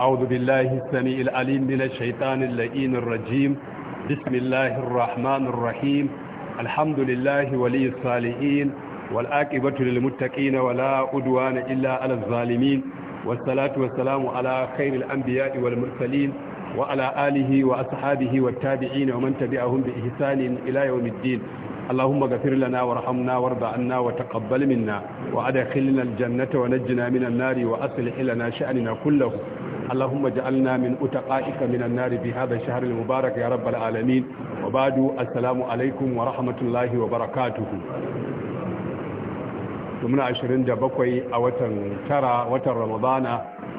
أعوذ بالله السميع العليم من الشيطان اللئين الرجيم بسم الله الرحمن الرحيم الحمد لله ولي الصالحين والآكبة للمتقين ولا أدوان إلا على الظالمين والصلاة والسلام على خير الأنبياء والمرسلين وعلى آله وأصحابه والتابعين ومن تبعهم بإحسان إلى يوم الدين اللهم غفر لنا وارحمنا وارض عنا وتقبل منا وادخلنا الجنة ونجنا من النار وأصلح لنا شأننا كله اللهم اجعلنا من أتقائك من النار بهذا الشهر المبارك يا رب العالمين وبعد السلام عليكم ورحمة الله وبركاته tumna 27 a watan tara watan ramadana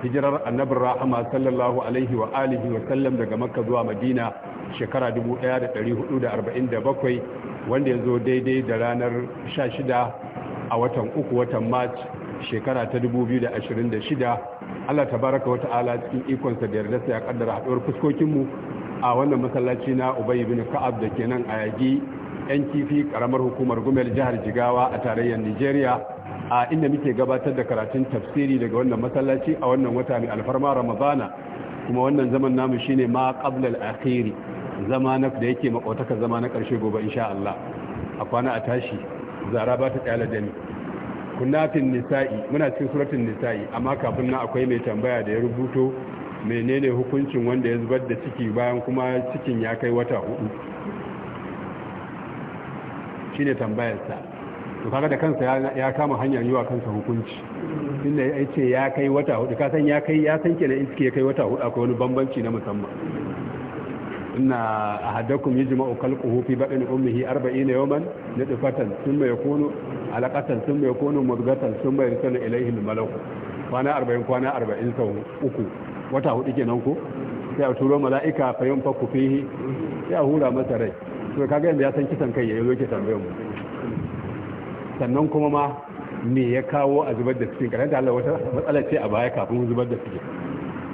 hijirar annabin rahama sallallahu alaihi wa wa sallam daga makka zuwa madina shekara 1447 wanda ya zo daidai da ranar shida a watan uku watan Mac. shekara ta 2026 Allah ta baraka wa ta'ala cikin ikonsa da yardarsa ya kaddara haduwar fuskokinmu a wannan masallaci na Ubayy ibn Ka'ab da ke nan a yagi yan kifi karamar hukumar Gumel jihar Jigawa a tarayyar Nigeria a inda muke gabatar da karatun tafsiri daga wannan masallaci a wannan wata mai alfarma Ramadana kuma wannan zaman namu shine ma qabla al-akhiri da yake makotaka zama na karshe gobe insha Allah a kwana a tashi zara ba ta kyala da ni kunnatin nisa'i muna cikin suratul nisa'i amma kafin nan akwai mai tambaya da ya rubuto menene hukuncin wanda ya zubar da ciki bayan kuma cikin ya kai wata hudu shine tambayarsa to kaga da kansa ya kama hanyar yi wa kansa hukunci inda ya ce ya kai wata hudu ka san ya kai ya san kenan in ciki ya kai wata hudu akwai wani bambanci na musamman inna ahadakum yajma'u qalbuhu fi batni ummihi 40 yawman nadfatan thumma yakunu alaqatan thumma yakunu mudghatan thumma yarsalu ilayhi al-malak kwana 40 kwana 40 sau uku wata hudu kenan ko sai a turo mala'ika fa yun fakku fihi sai a hura masa rai to kaga yanda ya san kisan kai yayin yake tambayar mu sannan kuma ma me ya kawo a zubar da cikin karanta Allah wata matsala ce a baya kafin zubar da cikin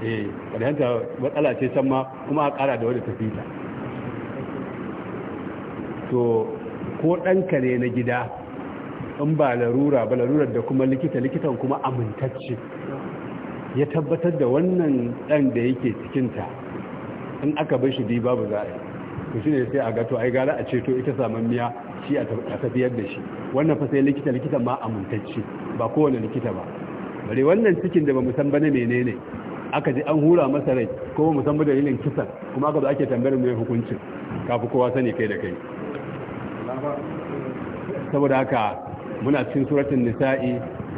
eh ƙarshenta matsala ce can ma kuma a ƙara da wadda ta to ko ɗanka ne na gida in ba larura ba larurar da kuma likita likitan kuma amintacce ya tabbatar da wannan ɗan da yake cikinta in aka bai shi biyu babu za a yi to shi ne sai a gato ai gara a ceto ita samammiya shi a tafiyar da shi wannan fa sai likita likita ma amintacce ba kowane likita ba bare wannan cikin da ba mu san ne menene aka ji an hura masa rai ko mu musamman dalilin kisa kuma aka zo ake tambayar mai hukuncin kafin kowa sani kai da kai saboda haka muna cikin suratun nisa'i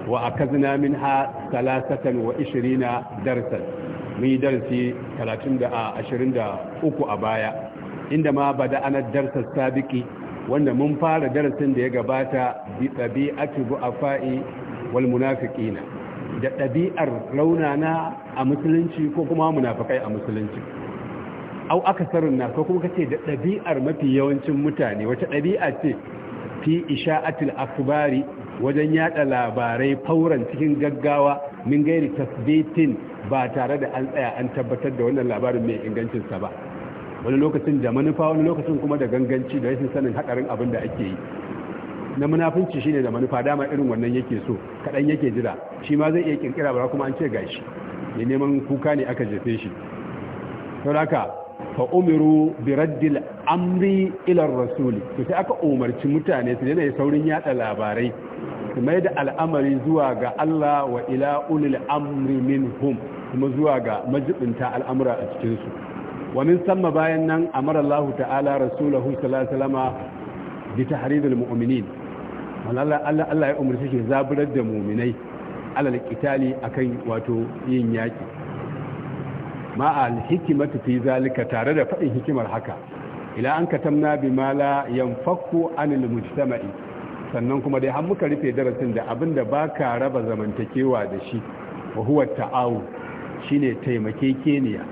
wa akazna minha salasatan wa ishirina darsan mun yi darsi da a baya inda ma bada anar darsar sabiki wanda mun fara darasin da ya gabata bi tsabi afa'i, wal munafiƙina da ɗabi'ar raunana a musulunci ko kuma munafakai a musulunci au akasarin na ko kuma kace da ɗabi'ar mafi yawancin mutane wata ɗabi'a ce fi isha'atul akhbari wajen yada labarai fauran cikin gaggawa min gairi tasbitin ba tare da an tsaya an tabbatar da wannan labarin mai ingancinsa ba wani lokacin da manufa wani lokacin kuma da ganganci da rashin sanin hadarin abin da ake yi na shi ne da manufa dama irin wannan yake so kadan yake jira shi ma zai iya kirkira ba kuma an ce ga shi. ne neman kuka ne aka jefe shi Sau haka fa umiru bi amri ila rasul to sai aka umarci mutane su daina saurin yada labarai su mai da al'amari zuwa ga Allah wa ila ulil amri minhum kuma zuwa ga majibinta al'amura a cikinsu. su wa min samma bayan nan amara Allah ta'ala rasulahu sallallahu alaihi wasallama bi tahridil mu'minin Allah Allah ya umarci shi zaburar da muminai alal qitali akan wato yin yaki ma al hikmatu fi zalika tare da fadin hikimar haka ila an katamna bima la yanfaku anil mujtama'i sannan kuma dai har muka rufe darasin da abinda baka raba zamantakewa da shi wa huwa ta'awu shine taimakekeniya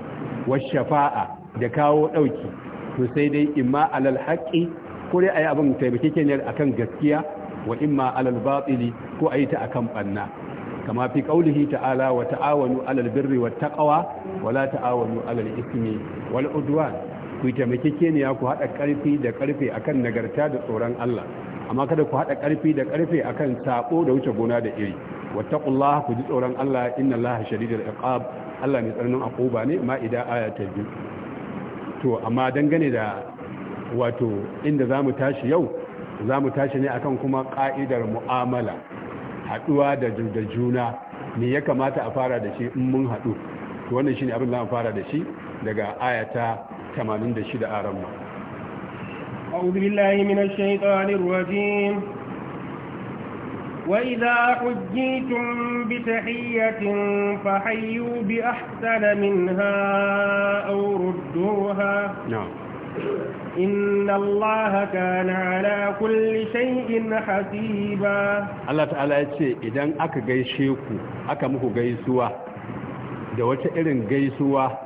wa shafa'a da kawo dauki to sai dai imma alal haqqi ko dai ayi abin taimakekeniyar akan gaskiya wa imma alal batili ko ayi ta akan banna kama fi ta'ala wa ta'awanu alal birri wat taqwa wa la ta'awanu alal ismi wal udwan ku taimakekeniya ku haɗa ƙarfi da karfe akan nagarta da tsoron Allah amma kada ku haɗa karfi da karfe akan saƙo da wuce gona da iri wattaqullaha ku ji tsoron Allah inna Allaha shadidul iqab Allah mai tsananin akuba ne idan aya ta biyu to amma dangane da wato inda zamu tashi yau za mu tashi ne akan kuma ƙa'idar mu'amala haɗuwa da juna me ya kamata a fara da shi in mun haɗu? to wannan ne abin da mu fara da shi daga ayata 86 a ramma a'udhu billahi minash shaitanir rajim wa idha hujjitum bi tahiyyatin fahayyu bi ahsana إن الله كان على كل شيء حسيبا الله تعالى يتشي إذن أكا غيشيكو أكا مكو غيسوا da wata irin gaisuwa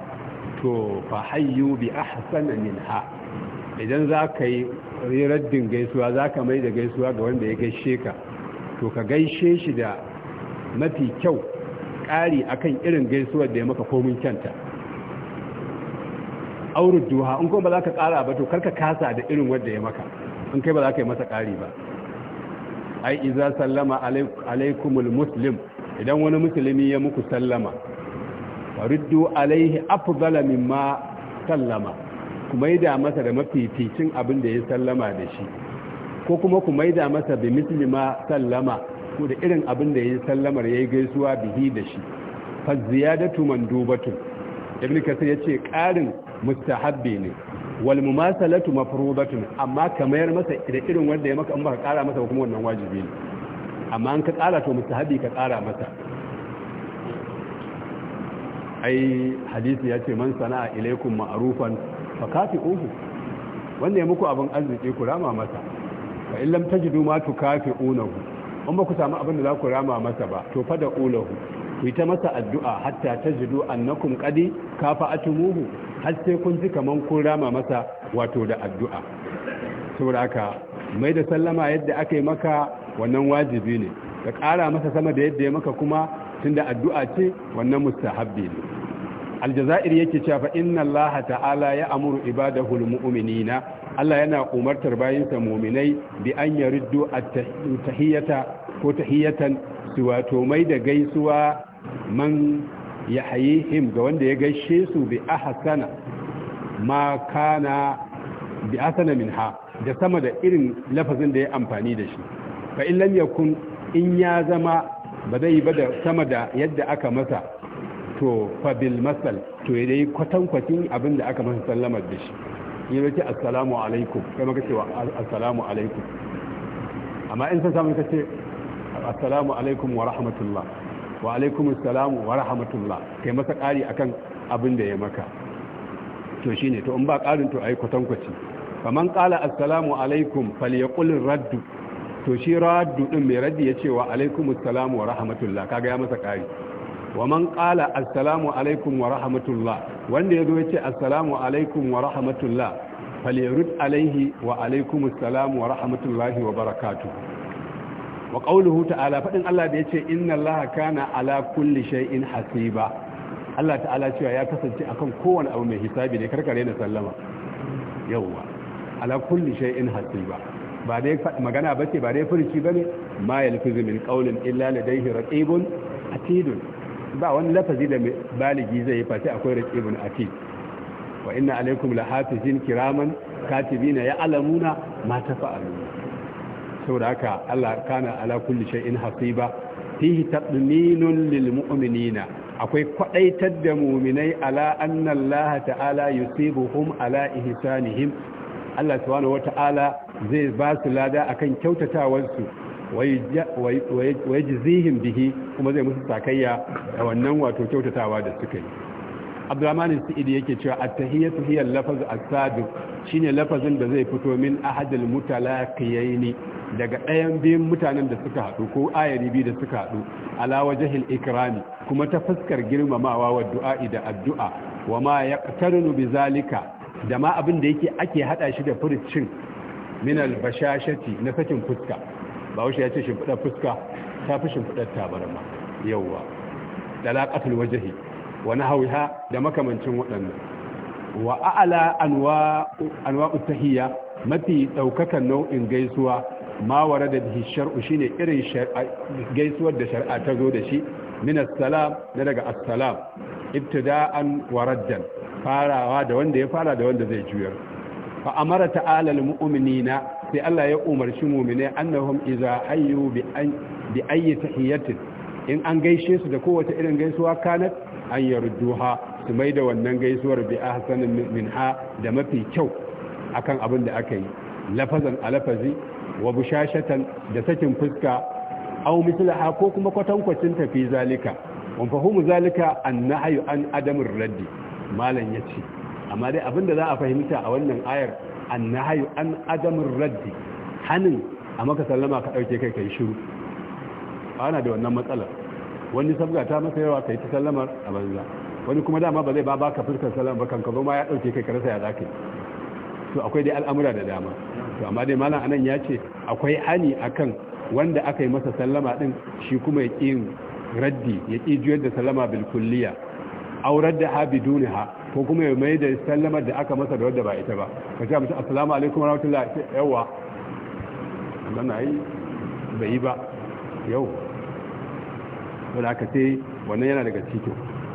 to fa hayyu bi ahsana minha idan za ka yi raddin gaisuwa za ka mai da gaisuwa ga wanda ya gaishe ka to ka gaishe shi da mafi kyau ƙari akan irin gaisuwar da ya maka komin kyanta aurud duha in kuma ba za ka ƙara ba to karka kasa da irin wanda ya maka in kai ba za ka yi masa ƙari ba ai iza sallama alaikumul muslim idan wani musulmi ya muku sallama Faridu alaihi afdala mimma sallama yi da masa da mafificin abin da ya sallama da shi ko kuma ku maida masa bi muslima sallama ko da irin abin da ya sallamar ya yi gaisuwa bihi da shi fa ziyadatu mandubatun ibn kasir yace karin mustahabbi ne wal mumasalatu mafruḍatun amma ka mayar masa da irin wanda ya maka in baka kara masa kuma wannan wajibi ne amma an ka kara to mustahabbi ka kara masa ai hadisi ya ce man sana'a ilaikum ma'rufan fa kafi'uhu wanda ya muku abin arziki ku rama masa fa in lam tajidu ma tukafi'unahu in ba ku samu abin da za ku rama masa ba to fa da ulahu ku yi ta masa addu'a hatta ta jidu annakum qadi atumuhu har sai kun ji kaman kun rama masa wato da addu'a saboda haka mai da sallama yadda aka yi maka wannan wajibi ne ka ƙara masa sama da yadda ya maka kuma tunda addu'a ce wannan mustahabbi ne aljazair yake cewa fa inna allaha ta'ala ya amuru ibadahu almu'minina Allah yana umartar bayinsa mu'minai bi an yariddu at-tahiyyata ko tahiyatan su wato mai da gaisuwa man yahayihim ga wanda ya gaishe su bi ahsana ma kana bi ahsana minha da sama da irin lafazin da ya amfani da shi fa in lam yakun in ya zama ba zai ba da sama da yadda aka masa to fa bil masal to ya dai kwatankwacin abin da aka masa sallamar da shi ya yake assalamu alaikum kai maka cewa assalamu alaikum amma in sai samu kace assalamu alaikum wa rahmatullah wa alaikum salamu wa rahmatullah kai masa ƙari akan abin da ya maka to shine to in ba ƙarin to ai kwatankwaci man qala assalamu alaikum falyaqul raddu to shi raddu din mai raddi yace wa alaikum salamu wa rahmatullah kaga ya masa ƙari wa man qala assalamu alaikum wa rahmatullah wanda yazo yace assalamu alaikum wa rahmatullah falyarud alaihi wa alaikum assalamu wa rahmatullahi wa barakatuh wa qawluhu ta'ala faɗin Allah da yace inna Allaha kana ala kulli shay'in hasiba Allah ta'ala cewa ya kasance akan kowane abu mai hisabi ne karkare na sallama yawwa ala kulli shay'in hasiba ba dai magana bace ba dai furci bane ma yalfizu min qawlin illa ladayhi raqibun atidun ba wani lafazi da baligi zai yi fati akwai raqibun atid wa inna alaikum lahafizin kiraman katibina ya'lamuna ma tafa'aluna saboda haka Allah kana ala kulli shay'in hasiba fihi tadminun lil mu'minina akwai kwadaitar da mu'minai ala anna Allah ta'ala yusibuhum ala ihsanihim Allah subhanahu wata'ala zai ba su lada akan kyautatawarsu wayajzihim bihi kuma zai musu sakayya da wannan wato kyautatawa da suka yi abdurrahman sa'idi yake cewa at-tahiyatu hiya al-lafaz as shi shine lafazin da zai fito min ahadil ne daga ɗayan biyun mutanen da suka haɗu ko ayari biyu da suka haɗu ala ikrami kuma ta fuskar girmamawa wa du'a da addu'a wa ma yaqtarinu bizalika da ma abin da yake ake haɗa shi da furcin min bashashati na sakin fuska ba wasu ya ce shimfiɗar fuska ta fi shimfiɗar tabarma yawwa dalaqatul wajhi Wani hauha da makamancin waɗannan wa a'la anwa anwa'u mafi ɗaukakan nau'in gaisuwa ma warada bihi shar'u shine irin gaisuwar da shar'a ta zo da shi min assalam na daga assalam ibtida'an wa raddan farawa da wanda ya fara da wanda zai juyar fa amara ta'ala almu'minina sai Allah ya umarci mu'mine annahum idza ayyu bi bi ayyi tahiyatin in an gaishe su da kowace irin gaisuwa kanat hanyar duha su mai da wannan gaisuwar bi hasanin minha da mafi kyau kan abin da aka yi lafazan lafazi, wa bushashatan da sakin fuska aw mislaha ko kuma kwatankwacin tafi zalika wa fahimu zalika annahyu an adamur raddi malan yace amma dai abin da za a fahimta a wannan ayar annahyu an adamur raddi hanin a maka sallama ka dauke kai kai shiru ana da wannan matsalar wani sabga ta masa yawa ka kai ta sallamar a banza wani kuma dama ba zai ba baka fuskar sallama ba kanka zo ya dauke kai karasa ya zaki to akwai dai al'amura da dama to amma dai malam anan ya ce akwai ani akan wanda aka yi masa sallama din shi kuma ya ƙi raddi ya ƙi juyar da sallama bilkuliya kulliya aurar da ha duniya ko kuma ya mai da sallamar da aka masa da wadda ba ita ba ka ce mutum assalamu alaikum rahmatullahi yawa nan ai yi ba yau don ce wannan yana daga cikin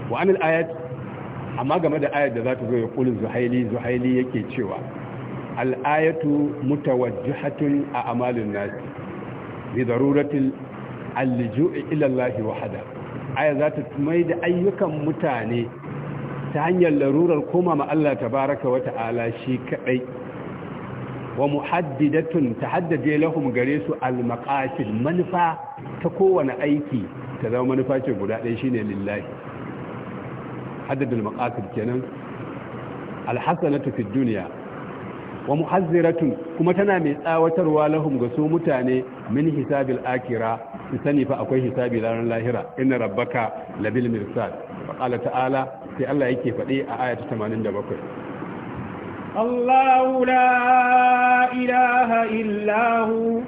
wa anil ayat amma game da ayat da za ta zo ya kulin zuhaili zuhaili yake cewa al'ayatu mutawajjihatun a amalin nasi bi daruratil alju'i ila wahada aya za ta mai da ayyukan mutane ta hanyar larurar koma ma Allah baraka wa ta'ala shi kaɗai, wa muhaddidatun tahaddaje lahum gare su al manufa ta kowane aiki ta zama manufa ce guda ɗaya shi ne lillahi haddadul maqasid kenan alhassanatu fi dunya wa muhazziratun kuma tana mai tsawatarwa lahum ga su mutane min hisabil akira su sani fa akwai hisabi ranar lahira inna rabbaka labil mirsad fa qala ta'ala sai Allah yake faɗi a ayatu 87 الله لا إله إلا هو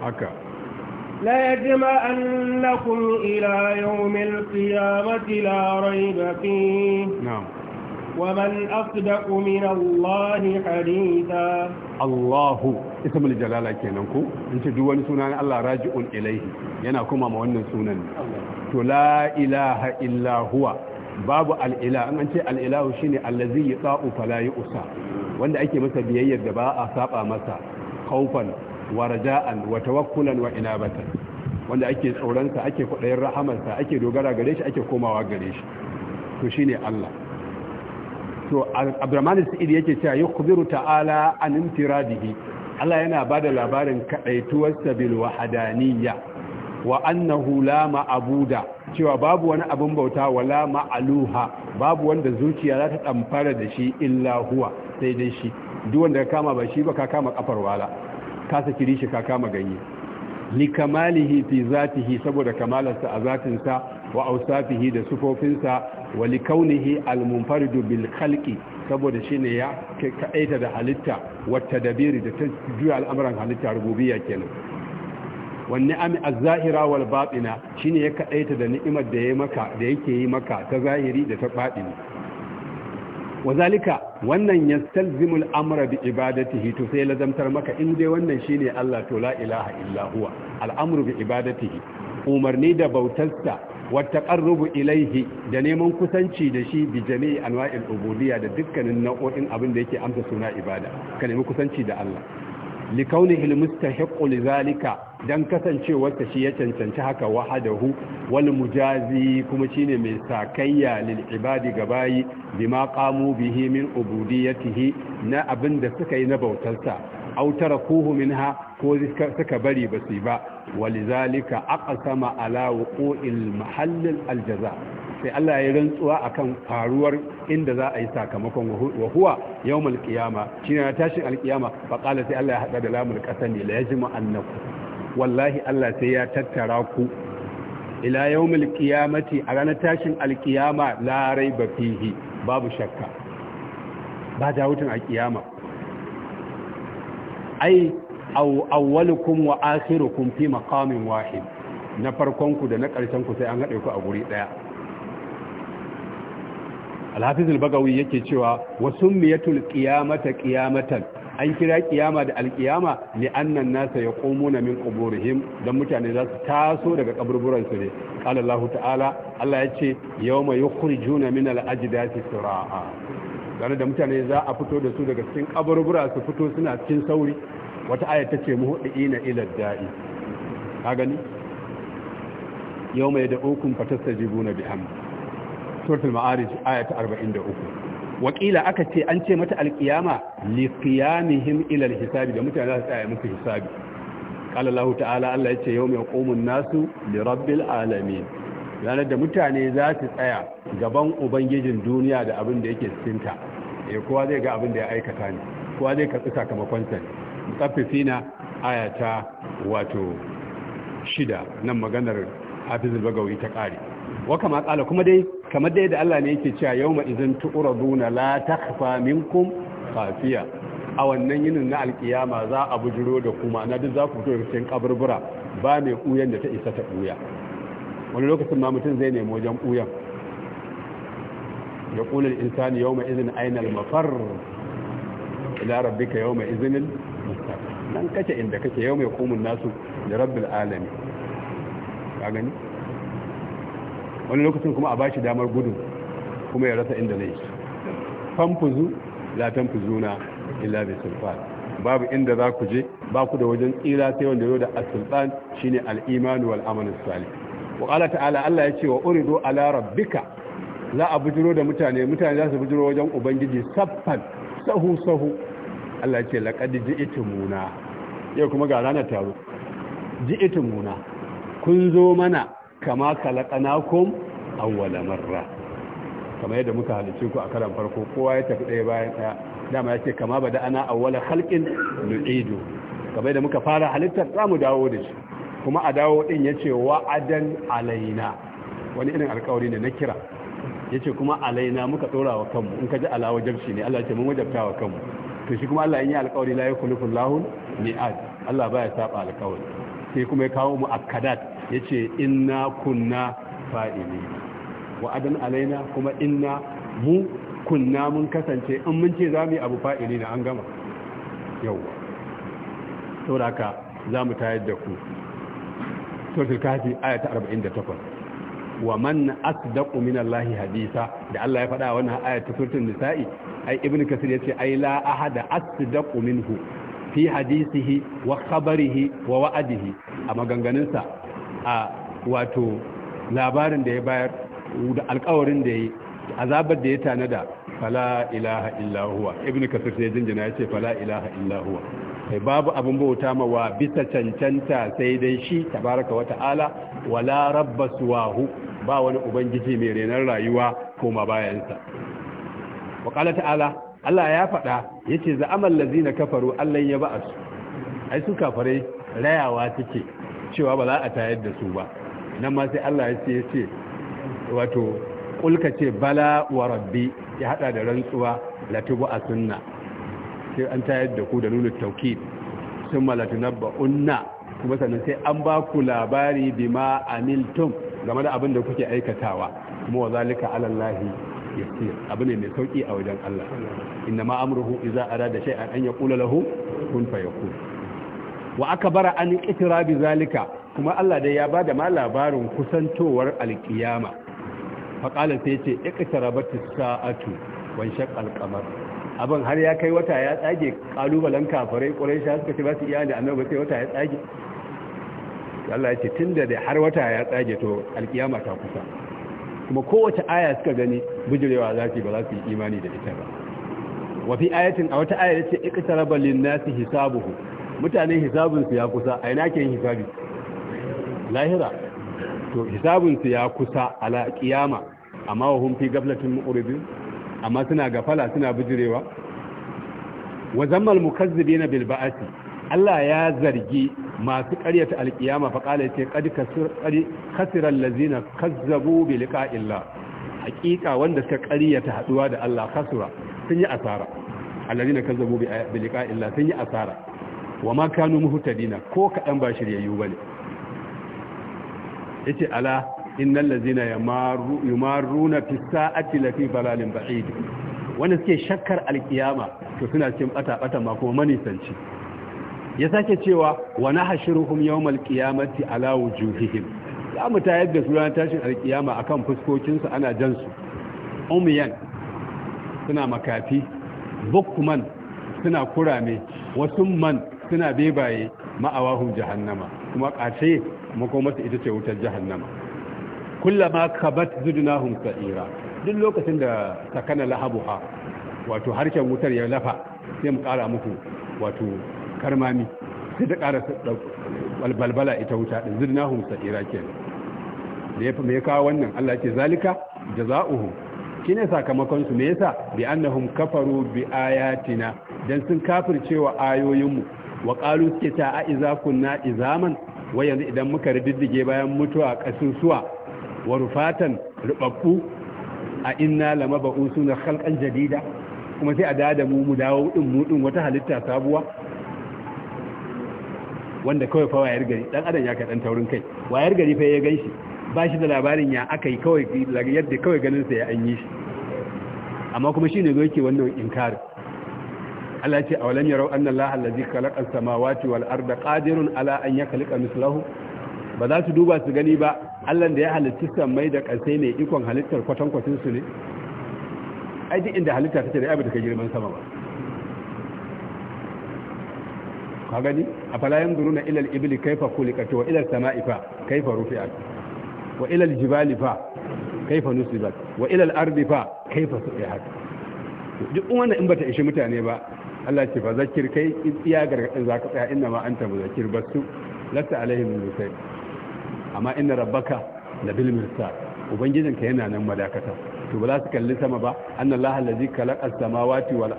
لا يجمعنكم إلى يوم القيامة لا ريب فيه نعم ومن أصدق من الله حديثا الله اسم الجلالة كينانكو انت دواني سنان الله راجع إليه يناكما موانا سنان لا إله إلا هو babu al'ila an ce al'ilahu shi ne allazi ya tsa'u falayi usa wanda ake masa biyayyar da ba a saba masa kaufan wa wa tawakkulan wa inabatan wanda ake tsoronsa ake kwaɗayin rahamarsa ake dogara gare shi ake komawa gare shi to shine Allah to Abdurrahman da yake cewa yukhbiru ta'ala an intiradihi Allah yana bada labarin kadaituwarsa bil wahadaniya wa annahu la ma'abuda cewa babu wani abin bauta wala ma'aluha babu wanda zuciya za ta damfara da shi illa huwa sai dai shi duk wanda ka kama ba shi ba ka kama kafar wala ka saki rishi ka kama ganye kamalihi fi zatihi saboda kamalarsa a zatinsa wa ausafihi da sufofinsa wa al munfaridu bil khalqi saboda shine ya kaita da halitta wa tadabiri da juya al'amuran halitta rububiyya kenan wa ami az-zahira wal batina shine ya kaita da ni'imar da yake yi maka ta zahiri da ta batini wazalika wannan yastalzimu amra bi ibadatihi to sai lazamtar maka in dai wannan shine Allah to la ilaha illa huwa al'amru bi ibadatihi umarni da bautarsa wa taqarrubu ilayhi da neman kusanci da shi bi jami'i anwa'il ubudiyya da dukkanin nau'o'in abin da yake amsa suna ibada ka nemi kusanci da Allah لكونه المستحق zalika don kasancewarta shi ya cancanci haka wahadahu wal mujazi kuma shine mai sakayya lil bayi gabayi bima qamu bihi min ubudiyatihi na abinda suka yi na bautarsa aw tarakuhu ha ko suka bari ba su ba walizalika sama ala wuqu'il mahall aljaza. sai Allah ya rantsuwa akan faruwar inda za a yi sakamakon wahuwa yau mulkiyama, shi shine na tashin alqiyama fa qala sai Allah ya hada da lamul ne la yajma annakum wallahi Allah sai ya tattara ku ila yawmul qiyamati a ranar tashin alqiyama la raiba fihi babu shakka ba dawutun alqiyama ai awwalukum wa akhirukum fi maqamin wahid na farkon ku da na karshen ku sai an haɗe ku a guri ɗaya alhafiz al-bagawi yake cewa wasu miyatul qiyamata qiyamatan an kira kiyama da alkiyama ne annan nasa na min quburihim dan mutane za su taso daga kaburburan su ne qala Allah ta'ala Allah yace yawma yukhrijuna min al-ajdati sura'a dan da mutane za a fito da su daga cikin kaburbura su fito suna cikin sauri wata aya tace na ila da'i ka gani yawma yad'ukum fatastajibuna bihamdi suratul ma'arij ayata 43 wakila aka ce an ce mata alkiyama li qiyamihim ila alhisabi da mutane za su tsaya musu hisabi qala Allah ta'ala Allah yace yawma yaqumun nasu li rabbil alamin yana da mutane za su tsaya gaban ubangijin duniya da abin da yake cikin ta eh kowa zai ga abin da ya aikata ne kowa zai katsa sakamakon sa mutaffifina ayata wato shida nan maganar hafizul bagawi ta kare wa kama kala kuma dai kamar da yadda Allah ne yake cewa yawma tu'ura tu'raduna la takhfa minkum kafiya a wannan yinin na alkiyama za a bujiro da kuma na duk za ku fito cikin kaburbura ba mai kuyan da ta isa ta kuya wani lokacin ma mutum zai nemi wajen kuyan ya kulul insani yawma idzin aina al-mafar ila rabbika yawma idzin mustaqim nan kace inda kake yawma yaqumun nasu li rabbil alamin ka gani wani lokacin kuma a ba shi damar gudun kuma ya rasa inda zai famfuzu la na illa bi sulfan babu inda za ku je ba ku da wajen tsira sai wanda yau da as shine al-iman wal amal salih wa qala ta'ala Allah ya ce wa uridu ala rabbika za a bujiro da mutane mutane za su bujiro wajen ubangiji saffan sahu sahu Allah ya ce laqad muna. yau kuma ga ranar taro muna. kun zo mana kama khalaqnakum awwala marra kama yadda muka halittu ku a karan farko kowa ya tafi ɗaya bayan ɗaya dama ya yace kama ba da ana awwala halƙin lu'idu, kama yadda muka fara halittar samu dawo da shi kuma a dawo din yace wa'adan alaina wani irin alƙawari ne na kira yace kuma alaina muka ɗora wa kanmu in ka ji ala wajabci ne Allah ya ce mun wajabta wa kanmu to shi kuma Allah in yi alƙawari la lahun mi'ad Allah baya saba alkawari sai kuma ya kawo mu akadat yace inna kunna fa'ili wa'adan alaina kuma inna mu kunna mun kasance in mun ce za mu abu fa'ili na an gama yauwa sauraka za mu tayar da ku sautar kafi ayata 48 wa man asdaqu min Allahi hadisa da Allah ya faɗa a wannan ayata sautar nisa'i ai ibnu kasir yace ai la ahada asdaqu minhu fi hadisihi wa khabarihi wa wa'adihi a maganganunsa a wato labarin da ya bayar da alkawarin da ya yi azabar da ya tanada fala ilaha illahuwa ibn ibnu kasir sai jinjina ya ce fala ilaha illahuwa babu abin bauta ma wa bisa cancanta sai dai shi tabaraka wa ta'ala wala rabba suwahu ba wani ubangiji mai renar rayuwa ko ma bayansa wa qala ta'ala Allah ya faɗa yace za amal lazina kafaru Allah ya ba'as ai su kafare rayawa suke. cewa ba za a tayar da su ba nan ma sai Allah ya ce ya ce wato kulka ce bala wa rabbi ya hada da rantsuwa latubu a sunna sai an tayar da ku da nuna tauki sun malatunabba unna kuma sannan sai an ba ku labari bima amiltum game da abin da kuke aikatawa kuma wa zalika alallahi yasir abu ne mai sauki a wajen Allah inna ma amruhu idza arada shay'an an yaqula lahu kun fayakun wa aka bara an bi zalika kuma Allah dai ya ba da ma labarin kusantowar alƙiyama faƙala sai ce ta sa'atu wan shaqqal qamar abin har ya kai wata ya tsage kafarai, ƙwarai ƙuraisha suka ce ba su iya da annabi sai wata ya tsage Allah ya ce tunda da har wata ya tsage to alƙiyama ta kusa kuma kowace aya suka gani bujurewa za su ba za su yi imani da ita ba wa fi ayatin a wata aya yace iqtaraba lin-nasi hisabuhu mutane hisabinsu ya kusa a ina ke yin hisabi lahira to hisabinsu ya kusa ala kiyama amma wa hun fi gaflatin mu'ridin amma suna gafala suna bijirewa wa zammal mukazzibina na Bilbaasi, Allah ya zargi masu ƙaryata alkiyama fa qala yace qad kasira allazina kazzabu bi illa. haqiqa wanda suka ƙaryata haɗuwa da Allah kasura sun yi asara A allazina kazzabu bi illa sun yi asara wa ma kanu muhtadina ko kadan ba shiryayyu bane yace ala innal ladzina yamaru yumaruna fi sa'ati la balalin ba'id wanda suke shakkar alkiyama to suna cin bata bata ma kuma manisanci ya sake cewa wa nahshuruhum yawmal qiyamati ala wujuhihim za mu tayar da su ran tashin alkiyama akan fuskokinsu ana jan su. umiyan suna makafi bukman suna kurame wasu man suna bebaye ma'awahun jahannama kuma ƙace makomarsu ita ce wutar jahannama kullama kabat zudunahum sa'ira duk lokacin da sakana lahabuha wato harshen wutar ya lafa sai mu ƙara muku wato karmami sai ta ƙara balbala ita wuta din zudunahum sa'ira kenan ne ya me kawo wannan Allah ce zalika jazaohu kine sakamakon su me yasa bi annahum kafaru bi ayatina dan sun kafircewa ayoyinmu wa qalu suke ta a iza kunna izaman wai yanzu idan muka riddige bayan mutuwa suwa wa rufatan rubabbu a inna lama suna khalqan jadida kuma sai a dada mu mu dawo din mu din wata halitta sabuwa wanda kawai fa wayar gari dan adam ya kai dan taurin kai wayar gari fa ya ganshi ba shi da labarin ya akai yi kawai yadda kawai ganin sa ya an yi shi amma kuma shine zo yake wannan inkari Allah ce a awalam yarau nan la'an da zika laƙar samawati wal'ar arda ƙadirun ala an kalika mislahu ba za su duba su gani ba Allah da ya halitta samai da kasai ne ikon halittar kwatankwatin su ne ai duk inda halitta ce da ya bata kai girman sama ba ka gani falayen duru na ilal ibili kaifa khuliqat wa ilal samai fa kayfa rufi'at wa ilal jibali fa kayfa nusibat wa ila ardi fa kayfa suqihat duk wannan in bata ishe mutane ba Allah ce ba zakir kai in iya za ka tsaya inna ma anta muzakkir basu latta alaihim musai amma inna rabbaka la bil ubangijinka yana nan madakata to ba za su kalli sama ba annallaha allazi khalaqa samawati wal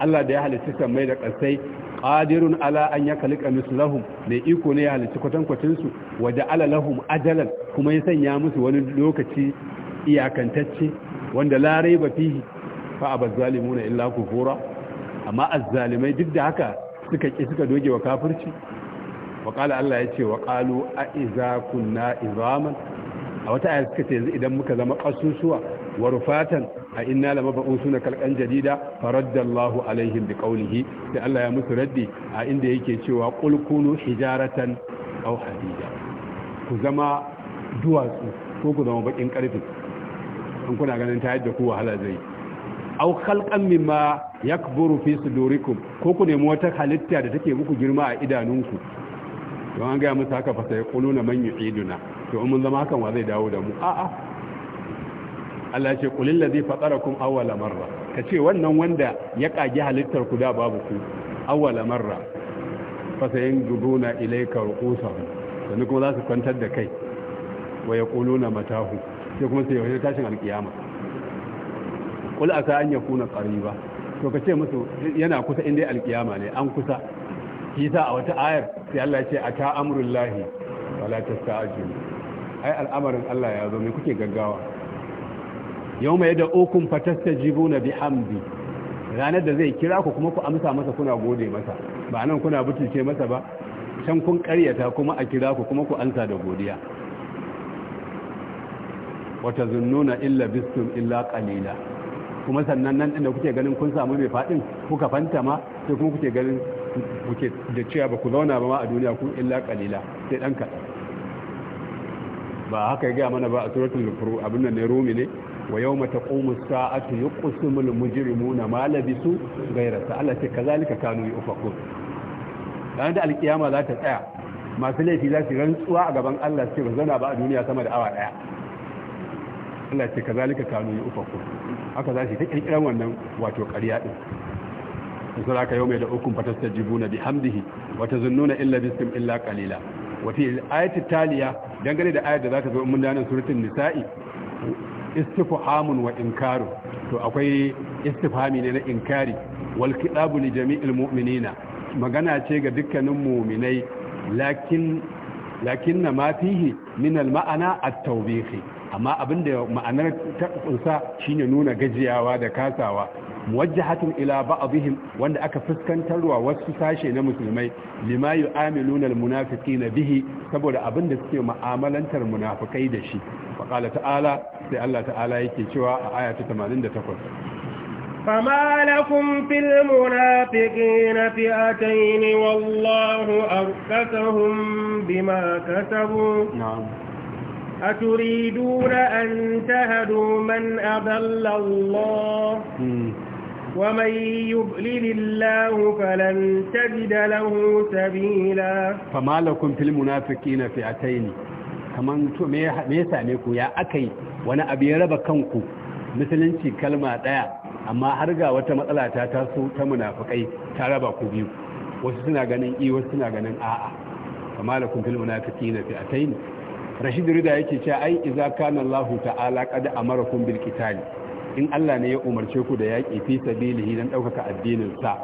Allah da ya halitta samai da kasai qadirun ala an yakhliqa mislahum mai iko ne ya kwatan kwatankwatin su wa ja'ala lahum ajalan kuma ya sanya musu wani lokaci iyakantacce wanda la raiba fihi fa na illa kufura amma azzalimai duk da haka suka ƙi suka doge wa kafirci waƙala Allah ya ce waƙalu a iza kunna izaman a wata ayar suka ce yanzu idan muka zama ƙasusuwa wa rufatan a inna lama ba'un suna kalkan jarida faraddallahu alaihim bi qawlihi da Allah ya musu raddi a inda yake cewa qul kunu hijaratan aw hadida ku zama duwatsu ko ku zama baƙin ƙarfi an kuna ganin ta yadda ku wahala zai aw khalqan mimma yakburu fi sudurikum ko ku nemi wata halitta da take muku girma a idanunku don an gaya musu haka fa sai quluna man yu'iduna to mun zama hakan wa zai dawo da mu a'a Allah ya ce qulil ladhi fatarakum awwala marra kace wannan wanda ya kage halittar ku da babu ku awwala marra fa sayanguduna ilayka ruqusahum sannan kuma za su kwantar da kai wa yaquluna matahu sai kuma sai yayin tashin alkiyama kul asa an yakuna qariba to ka ce musu yana kusa inda alkiyama ne an kusa kisa a wata ayar sai Allah ya ce ata amrullahi wala tasta'jilu ai al'amarin Allah ya zo me kuke gaggawa yawma yad'ukum fatastajibuna bihamdi ranar da zai kira ku kuma ku amsa masa kuna gode masa ba nan kuna butulce masa ba can kun karyata kuma a kira ku kuma ku amsa da godiya wata zunnuna illa bistum illa qalila kuma sannan nan da kuke ganin kun samu mai faɗin kuka fanta ma sai kuma kuke ganin kuke da cewa ba ku zauna ba ma a duniya ku illa kalila sai dan kaɗan ba haka ya gaya mana ba a suratul lufuru abin nan ne rumi ne wa yau mata ƙomu sa'atu yi ƙusumul mujirimu na malabi su gairasa Allah ce kazalika kanu yi ufakun da alkiyama za ta tsaya masu laifi za su rantsuwa a gaban Allah su ce ba zana ba a duniya sama da awa ɗaya Allah ce kazalika kanu yufaku haka za shi ta kirkiran wannan wato ƙarya ɗin. sun aka yau mai da ukun fatar jibu na bihamdihi wata zunnuna illa biskim illa kalila wata ayati taliya dangane da ayat da za ta zo mun danin suratun nisa'i istifhamun wa inkaru to akwai istifhami ne na inkari wal kitabu li jami'il mu'minina magana ce ga dukkanin mu'minai lakin lakin ma fihi min al ma'ana at-tawbihi amma abin da ma'anar ta kusa shine nuna gajiyawa da kasawa muwajjahatun ila ba'dihim wanda aka fuskantarwa wasu sashe na musulmai lima yu'amiluna almunafiqina bihi saboda abin da suke mu'amalantar munafikai da shi faqala ta'ala sai Allah ta'ala yake cewa a aya ta 88 فما لكم في المنافقين فئتين والله أركتهم بما كسبوا نعم أتريدون أن تهدوا من أضل الله ومن يضلل الله فلن تجد له سبيلا فما لكم في المنافقين فئتين kaman to me ya same ku ya akai wani abu ya raba kanku musulunci kalma daya amma har ga wata matsala ta taso ta munafikai ta raba ku biyu wasu suna ganin i wasu suna ganin a'a kama lakum fil munafiqina fi'atayn Rashidu rida yake cewa ai iza kana allah ta'ala qad amarakum bil qital in allah ne ya umarce ku da yaki fi sabilihi dan daukaka addinin sa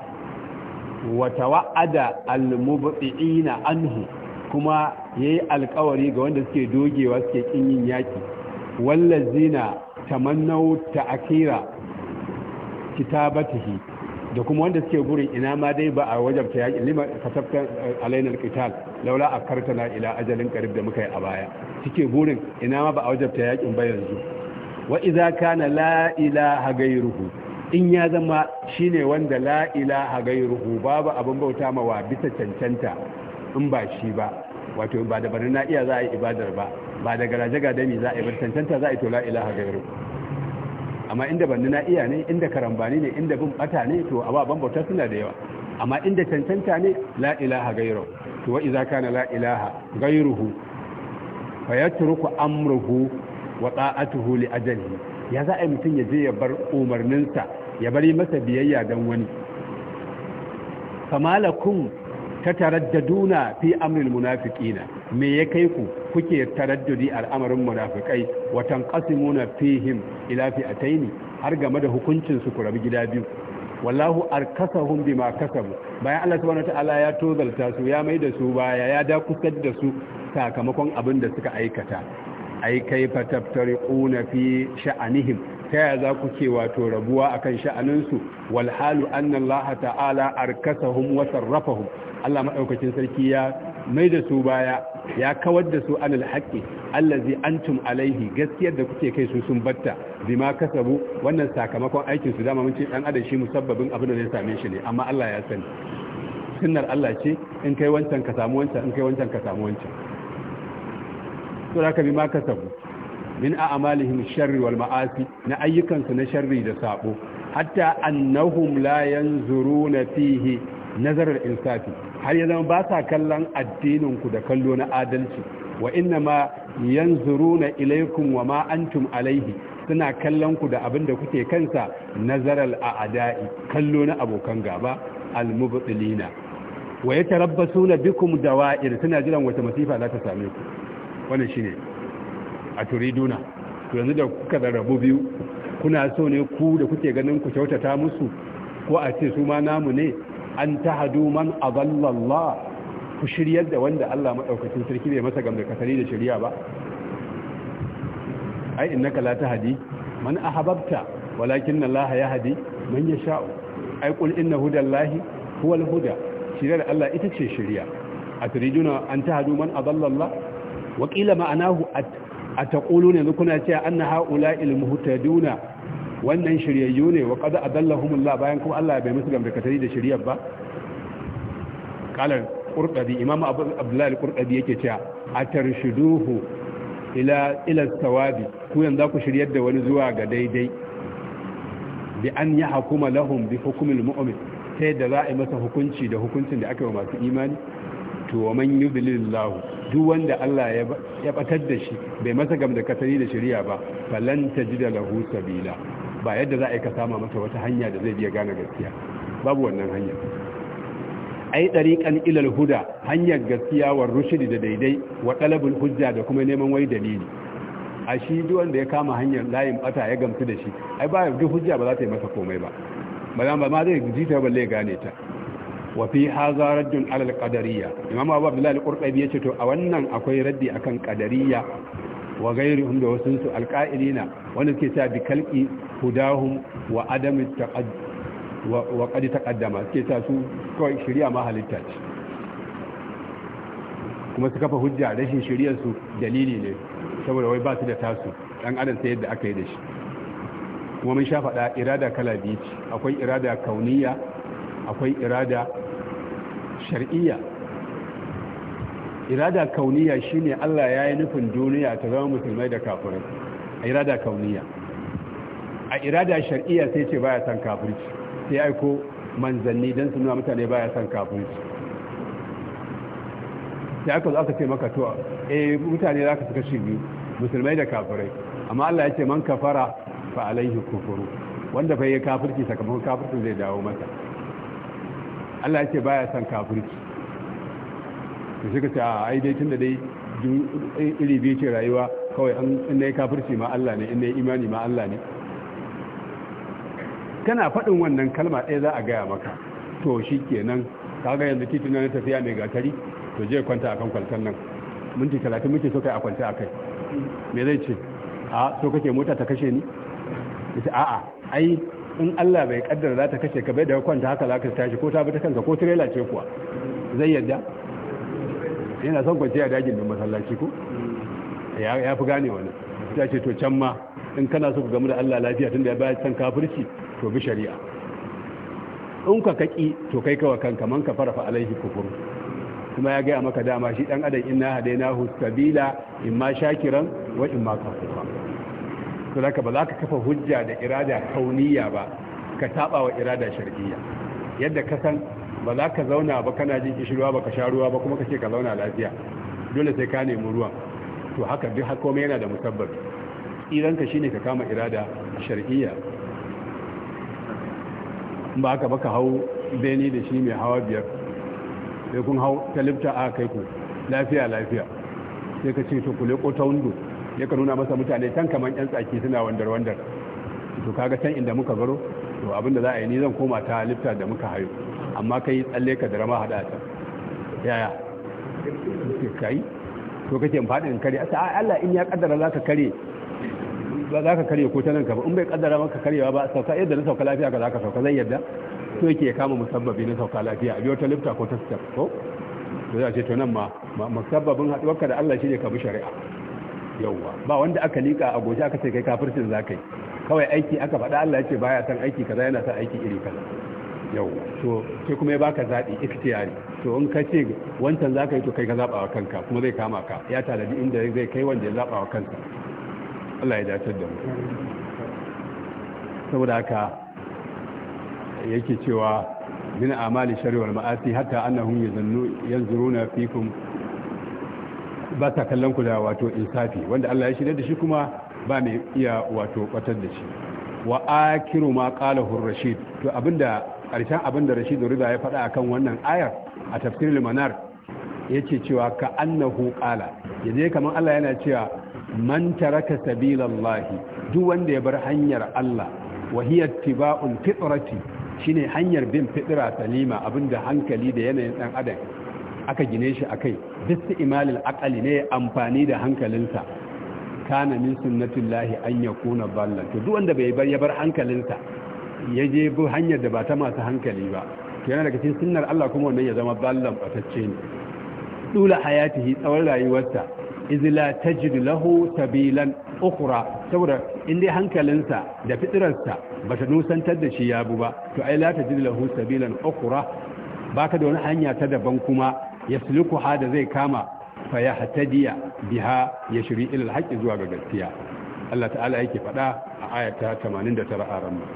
wa tawa'ada al mubti'ina anhu kuma yayi alƙawari ga wanda suke dogewa suke kin yin yaki wallazina tamannau ta'khira kitabatihi da kuma wanda suke gurin ina ma dai ba a wajabta yaki lima katabta eh, alainal qital laula a kartana ila ajalin karib da muka yi a baya suke burin ina ma ba a wajabta yakin ba yanzu wa iza kana la ilaha gairuhu in ya zama shine wanda la ilaha gairuhu babu abin bauta ma wa bisa cancanta in ba shi ba wato ba da barin na iya za a yi ibadar ba ba da garaje ga dami za a yi ba cancanta za a yi to la ilaha gairuhu amma inda banin na iya ne inda karambani ne inda bin bata ne to ababen bauta suna da yawa amma inda tantanta ne La'ilaha, ilaha gairu to wa iza kana la ilaha gairuhu fa yatruku amruhu wa ta'atuhu li ajali ya za a mutum ya je ya bar umarninsa ya bari masa biyayya dan wani famalakum tataraddaduna fi amril munafiqina me ya kai ku kuke taraddudi al'amarin munafikai wa tanqasimuna fihim ila fi'ataini har game da hukuncin su ku rabi gida biyu wallahu arkasahum bima kasabu bayan Allah subhanahu wataala ya tozalta su ya mai da su baya ya da kusar da su sakamakon abin da suka aikata ai kai fataftariquna fi sha'anihim ta ya za ku ce wato rabuwa akan sha'aninsu wal halu anna Allah ta'ala arkasahum wa sarrafahum Allah madaukakin sarki ya mai da su baya ya kawar da su an haqqi allazi antum alaihi gaskiyar da kuke kai su sun batta bima kasabu wannan sakamakon aikin su dama mun ce dan adashi shi musabbabin abin da ya same shi ne amma Allah ya sani sunnar Allah ce in kai wancan ka samu wancan in kai wancan ka samu wancan to ka bima kasabu min a'malihim sharri wal ma'asi na ayyukansu na sharri da sabo hatta annahum la yanzuruna fihi nazar al-insafi har ya zama ba sa kallon addininku da kallo na adalci wa inna ma yanzuruna ilaikum wa ma antum alaihi suna kallon ku da abin da kuke kansa nazaral a'da'i kallo na abokan gaba almubtilina wa yatarabbasuna bikum dawa'ir suna jiran wata masifa za ta same ku wannan shine a turiduna to yanzu da kuka rabu biyu kuna so ne ku da kuke ganin ku kyautata musu ko a ce su ma namu ne an tahadu man adallallah ku shiryar da wanda Allah maɗaukacin sarki bai masa gamda kasari da shirya ba ai in innaka la tahdi man ahbabta walakin na laha Allah yahdi man yasha'u ai qul inna lahi, huwal huda shiryar Allah ita ce shirya. shiriya atriduna an tahadu man adallallah wa qila ma'anahu at ataquluna yanzu kuna cewa anna ha'ula'il muhtaduna wannan shiryayyu ne wa adallahum Allah bayan kuma Allah ya bai musu gambarkatari da shiryar ba qala qurdabi imam abu abdullahi qurdabi yake cewa atarshiduhu ila ila tawabi ku yanzu ku shiryar da wani zuwa ga daidai bi an hukuma lahum bi hukmil mu'min sai da za a yi masa hukunci da hukuncin da aka yi wa masu imani to man yudlilillahu duk wanda Allah ya batar da shi bai masa gam da katari da shari'a ba falan tajida lahu sabila ba yadda za a yi ka sama masa wata hanya da zai biya gane gaskiya babu wannan hanya ai dariqan ilal huda hanyar gaskiya war rushdi da daidai wa talabul hujja da kuma neman wai dalili a shi duk wanda ya kama hanyar layin bata ya gamsu da shi ai ba duk hujja ba za ta yi masa komai ba ba ma zai ji ta balle gane ta wa fi hadha raddun ala al qadariyya imam abu abdullah al qurtubi yace to a wannan akwai raddi akan qadariyya wa gairi, da wasu su wanda suke sa bi kalqi hudahum wa adam taqad wa qad taqaddama suke sa su kawai shari'a ma halitta ce kuma su kafa hujja rashin shari'ar dalili ne saboda wai ba su da tasu dan adam sai yadda aka yi da shi kuma mun sha faɗa irada kala biyu akwai irada kauniya akwai irada shar'iyya irada kauniya shine Allah ya yi nufin duniya ta zama musulmai da kafirai a irada kauniya a irada shar'iyya sai ce baya san kafirci sai aiko manzanni don su nuna mutane baya san kafirci sai aka zo aka ce maka to eh mutane za ka suka shi biyu musulmai da kafirai amma Allah ya ce man kafara fa alaihi kufuru wanda fa yi kafirci sakamakon kafirci zai dawo mata, Allah ya ce baya san kafirci to sai ka ce a ai dai da dai iri biyu ce rayuwa kawai in na yi kafirci ma Allah ne in na yi imani ma Allah ne kana faɗin wannan kalma ɗaya za a gaya maka to shi ke ka kaga yanzu tituna na tafiya mai gatari to je kwanta a kan kwantar nan minti talatin muke so kai a kwanta kai. me zai ce a so kake mota ta kashe ni ita a'a ai in Allah bai kaddara za ta kashe ka bai da kwanta haka za ka tashi ko ta bi ta kanka ko trailer ce kuwa zai yadda yana son kwanciya dagin da masallaci ko ya fi gane wani ta ce to can ma in kana so ku gamu da Allah lafiya tun da ya bayar can kafirci to bi shari'a in ka kaki to kai kawa kanka man ka farafa alaihi kufur kuma ya gaya maka dama shi dan adam inna hu sabila ma shakiran wa ma kafura to ba za ka kafa hujja da irada kauniya ba ka taba wa irada shar'iyya yadda ka san ba za ka zauna ba kana jin kishirwa ba ka sha ruwa ba kuma ka ce ka zauna lafiya dole sai ka nemi ruwa to haka duk har komai yana da musabbabi ka shine ka kama irada shar'iyya ba haka baka hau beni da shi mai hawa biyar sai kun hau talibta a kai ku lafiya lafiya sai ka ce to ku leko ta wundo ya ka nuna masa mutane tan kamar yan tsaki suna wandar wandar to kaga can inda muka baro to abinda za a yi ni zan koma ta lifta da muka hayo amma kai tsalle ka da rama hada ta yaya kai to kake in faɗi in kare a Allah in ya kaddara za ka kare ba za ka kare ko ta nan ka ba in bai kaddara maka karewa ba sauka yadda na sauka lafiya ka za ka sauka zai yadda to yake ya kama musabbabi na sauka lafiya a biyo ta lifta ko ta step ko To za ce to nan ma musabbabin haɗuwarka da Allah shi ne ka bi shari'a yauwa ba wanda aka liƙa a goji aka ce kai kafircin za ka yi kawai aiki aka faɗa Allah ya ce baya san aiki kaza yana san aiki iri kaza yau to sai kuma ya baka zaɓi ikhtiyari to in ka ce wancan zaka yi to kai ka zaɓa wa kanka kuma zai kama ka ya talabi inda zai kai wanda ya zaɓa wa kanka Allah ya dace da mu saboda haka yake cewa min amali shari'ar ma'asi hatta annahum yazannu yanzuruna fikum ba ta kallon ku da wato insafi wanda Allah ya shirya da shi kuma ba mai iya wato batar da shi wa akiru ma qalahu rashid to abinda karshen abinda rashid rida ya faɗa akan wannan ayar a tafsirul manar yace cewa ka annahu qala yaje kaman Allah yana cewa man taraka sabilallahi duk wanda ya bar hanyar Allah wa hiya tibaul fitrati shine hanyar bin fitra salima abinda hankali da yanayin dan adam aka gine shi akai bisti imalil aqali ne amfani da hankalinsa kana min sunnatullahi an yakuna ballan to duk wanda bai bar ya bar hankalinsa ya je bu hanyar da ba ta masu hankali ba to yana daga cikin sunnar Allah kuma wannan ya zama ballan batacce ne dula hayatihi tsawon rayuwarsa la tajid lahu sabilan ukhra saboda in dai hankalinsa da fitirarsa bata nusantar da shi yabu ba to ai la tajid lahu sabilan ukhra baka da wani hanya ta daban kuma yasluku hada zai kama fayahtadiya ya biha ya shiri ilal haƙƙi zuwa ga gaskiya Allah ta'ala yake faɗa a ayata 89 a ranar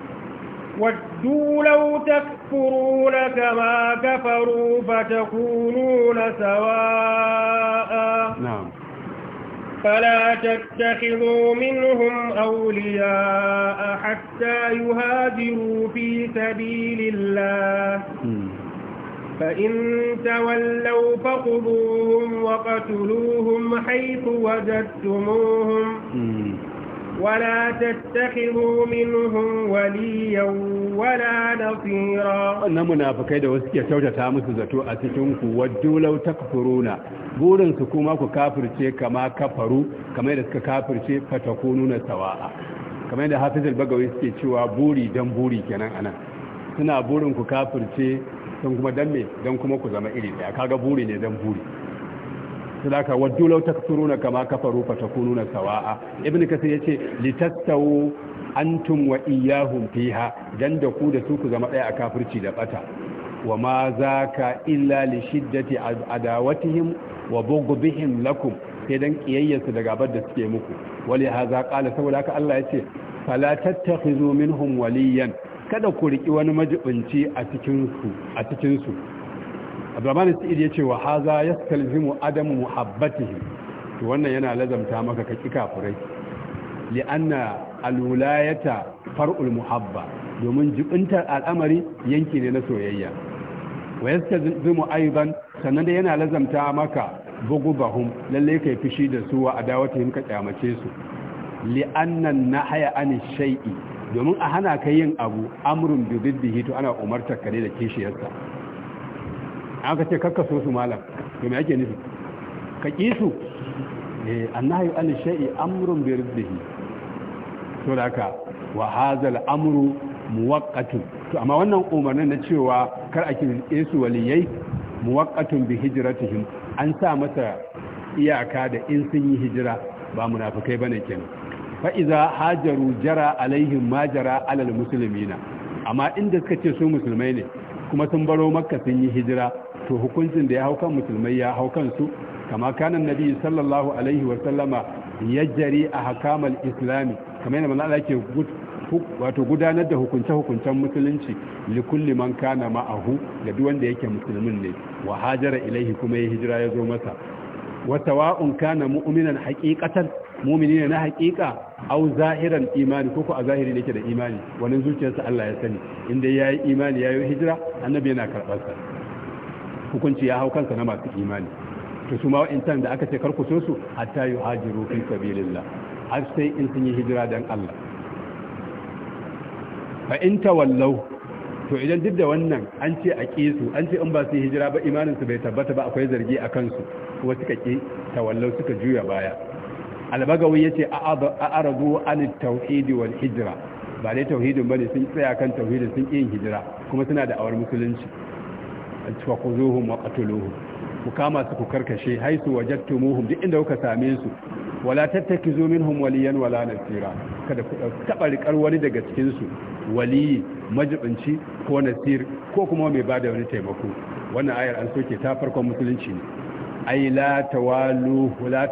ودوا لو تكفرون كما كفروا فتكونون سواء نعم فلا تتخذوا منهم أولياء حتى يهاجروا في سبيل الله فإن تولوا فخذوهم وقتلوهم حيث وجدتموهم ولا تتخذوا منهم وليا ولا نصيرا أن منافقين da wasu ke kyautata musu zato a cikin ku waddu law takfuruna burin su kuma ku kafirce kama kafaru kamar da suka kafirce fatakununa sawa'a kamar da Hafiz al suke cewa buri dan buri kenan anan suna burin ku kafirce don kuma dan don kuma ku zama iri daya kaga buri ne don buri sadaka waddu law takfuruna kama kafaru fatakununa sawa'a ibn kasir yace litastawu antum wa iyyahum fiha dan da ku da su ku zama ɗaya a kafirci da bata wa ma zaka illa li shiddati adawatihim wa bughdihim lakum sai dan ƙiyayyarsu daga bar da suke muku wali haza qala saboda haka Allah ya yace fala tattakhizu minhum waliyan kada ku riƙi wani majibinci a cikinsu a cikinsu abdurrahman sa'id ya ce wa haza yastalzimu adamu muhabbatihi to wannan yana lazamta maka ka ƙi kafurai li'anna alwulayata far'ul muhabba domin jibintar al'amari yanki ne na soyayya wa yastalzimu aidan sannan da yana lazamta maka lallai ka kai fushi da su wa adawatin ka kyamace su na nahaya an shay'i domin a hana ka yin abu amurin bi diddihi to ana umartar ka ne da kishiyarsa ka ce kakka so su malam to ake nufi ka ƙi su eh annahi an shay'i amrun bi diddihi to da ka wa hazal amuru muwaqqatun to amma wannan umarnin na cewa kar a kirɗe su waliyai muwaqqatun bi hijratihim an sa masa iyaka da in sun yi hijira ba munafikai bane kenan fa'iza hajaru jara alaihim Majara, jara alal musulmina amma inda suka ce su musulmai ne kuma sun baro makka sun yi hijira to hukuncin da ya hau kan musulmai ya hau su? kama kanan nabi sallallahu alaihi yajjari a hakamal islami kamar yana mana ke wato gudanar da hukunce-hukuncen musulunci likulli man kana ma'ahu da duk wanda yake musulmin ne wa hajara ilaihi kuma ya hijira ya zo masa wa tawa'un kana mu'minan haqiqatan mumini ne na hakika au zahiran imani ko a zahiri ke da imani wani zuciyarsa Allah ya sani inda yi imani ya yi hijira annabi yana karɓarsa hukunci ya hau kansa na masu imani to su ma intan da aka ce karku so su hatta yuhajiru fi sabilillah har sai in sun yi hijira dan Allah fa in wallau to idan duk da wannan an ce a ƙi su an ce in ba su yi hijira ba imaninsu bai tabbata ba akwai zargi a kansu kuma suka ƙi tawallau suka juya baya albagawi yace a arabu an tauhid wal hijra ba dai tauhidin bane sun tsaya kan tauhidin sun yin hijira kuma suna da awar musulunci fa khuzuhum wa qatuluhum ku kama su ku karkashe haisu wajadtumuhum duk inda kuka same su wala tattakizu minhum waliyan wala nasira kada ku taba rikar wani daga cikin su wali majibinci ko nasir ko kuma mai bada wani taimako wannan ayar an soke ta farkon musulunci ne ai la tawaluhu la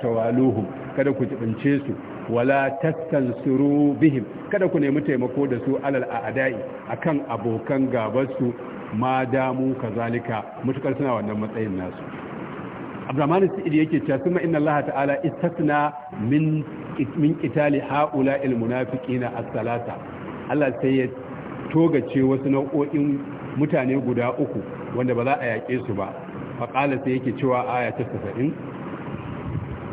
kada ku jibince su wala tattansuru bihim kada ku nemi taimako da su alal a'da'i akan abokan gabar su ma damu kazalika mutukar suna wannan matsayin nasu abdurrahman idi yake cewa kuma inna allaha ta'ala istathna min min qitali haula al munafiqina as-salata Allah sai ya togace wasu nau'o'in mutane guda uku wanda ba za a yaƙe su ba فقال سيكي yake آية aya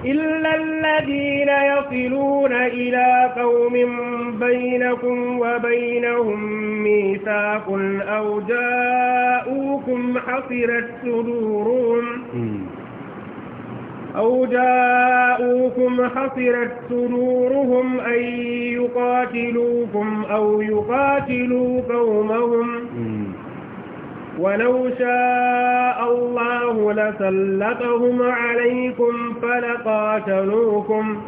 إلا الذين يصلون إلى قوم بينكم وبينهم ميثاق أو جاءوكم حصرت صدورهم أو جاءوكم حصرت صدورهم أن يقاتلوكم أو يقاتلوا قومهم ولو شاء الله لسلطهم عليكم فلقاتلوكم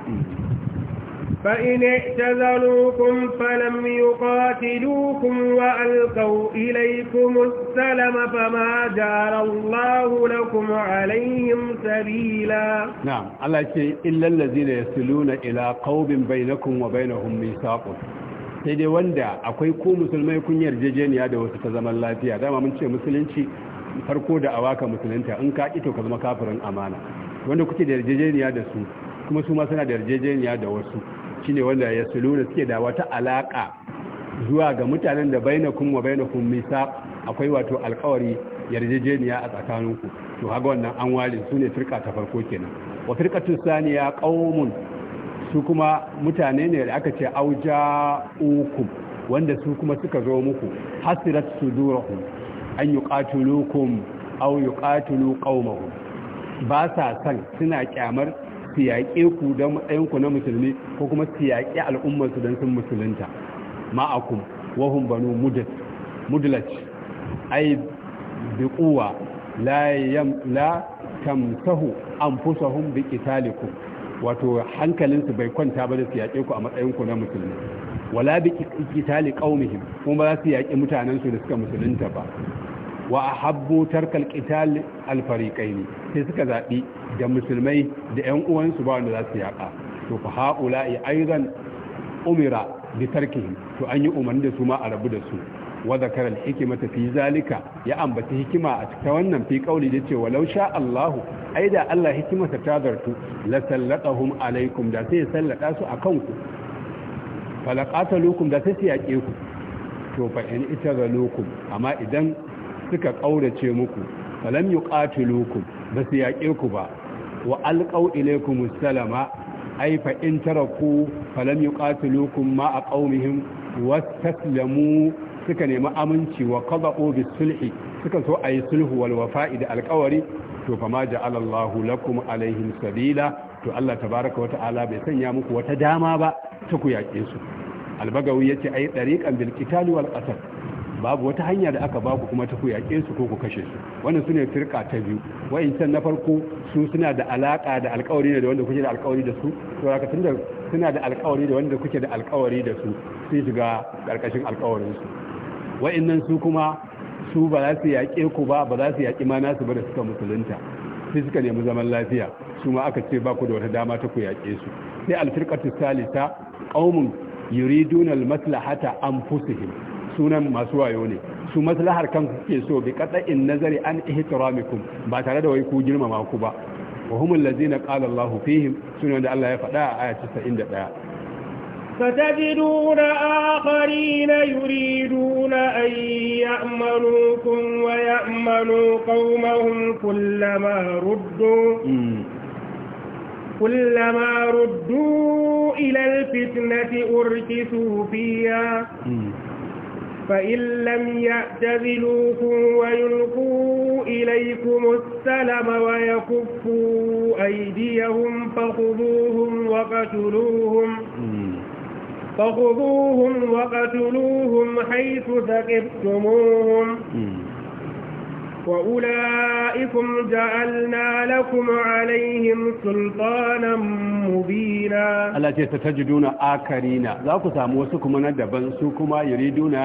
فإن اعتذلوكم فلم يقاتلوكم وألقوا إليكم السلم فما جعل الله لكم عليهم سبيلا نعم الله يقول إلا الذين يصلون إلى قوم بينكم وبينهم ميثاق sai dai wanda akwai ko musulmai kun yarjejeniya da wasu ta zaman lafiya dama mun ce musulunci farko da awaka musulunta in ka ito ka zama kafirin amana wanda kuke da yarjejeniya da su kuma su ma suna da yarjejeniya da wasu shine wanda ya suluna suke da wata alaka zuwa ga mutanen da bainakum wa bainakum misa akwai wato alkawari yarjejeniya a tsakaninku to haga wannan an wale su ne firka ta farko kenan wa firkatu saniya qaumun su kuma mutane ne da aka ce auja uku wanda su kuma suka zo muku hasirat sudurahum an au yi yuqatilu qaumahum ba sa san suna kyamar su yaƙe ku don matsayinku na musulmi ko kuma su yaƙe al'ummarsu don sun musulunta ma'akum wahun banu mudlat ai bi kuwa la tamsahu anfusahum bi qitalikum wato hankalinsu bai kwanta ba da su yaƙe ku a matsayin na musulmi wala bi kitali qaumihim kuma za su yaƙi mutanen da suka musulunta ba wa ahabbu tarkal qital al fariqain sai suka zabi da musulmai da ƴan uwansu ba wanda za su yaƙa to fa haula'i aidan umira bi tarkihim to an yi umarni da su ma a rabu da su wa zakara al-hikmata fi zalika ya ambaci hikima a cikin wannan fi kauli da ce walau ai da Allah hikimata ta zartu la sallatahum alaikum da sai sallata su akan ku falaqatalukum da sai yake ku to fa in itagalukum amma idan suka ƙaurace muku falam yuqatilukum ba su ku ba wa alqaw ilaykum salama ai fa in falam yuqatilukum ma a qaumihim suka nemi aminci wa qada'u bis sulhi suka so ayi sulhu wal wafa'i da alƙawari to fa ma ja'ala Allahu lakum alaihim sabila to Allah Ta baraka wa ta'ala bai sanya muku wata dama ba ta ku yaƙe su albagawi yace ai dariqan bil qitali wal qatl babu wata hanya da aka baku kuma ta ku yaƙe su ko ku kashe su wannan sune firka ta biyu wa'incan na farko su suna da alaka da alƙawari ne da wanda kuke da alƙawari da su to haka tunda suna da alƙawari da wanda kuke da alƙawari da su sai shiga ƙarƙashin alƙawarin su wa'annan su kuma su ba za su yaƙe ku ba ba za su yaƙi ma nasu ba da suka musulunta sai suka nemi zaman lafiya su ma aka ce ba ku da wata dama ta ku yaƙe su sai alfirqatu salisa ƙaumin yuriduna almaslahata anfusihim sunan masu wayo ne su maslahar kan suke so bi qada'in nazari an ihtiramikum ba tare da wai ku girmama ku ba wa humul ladzina qala Allahu fihim sunan da Allah ya faɗa a ayati 71 ستجدون آخرين يريدون أن يأمنوكم ويأمنوا قومهم كلما ردوا كلما ردوا إلى الفتنة أركسوا فيها فإن لم يأتذلوكم ويلقوا إليكم السلم ويكفوا أيديهم فخذوهم وقتلوهم فخذوهم وقتلوهم حيث ثقفتموهم وأولئكم جعلنا لكم عليهم سلطانا مبينا التي ستجدون آكرين ذاكو ساموسكم ندبا سوكما يريدون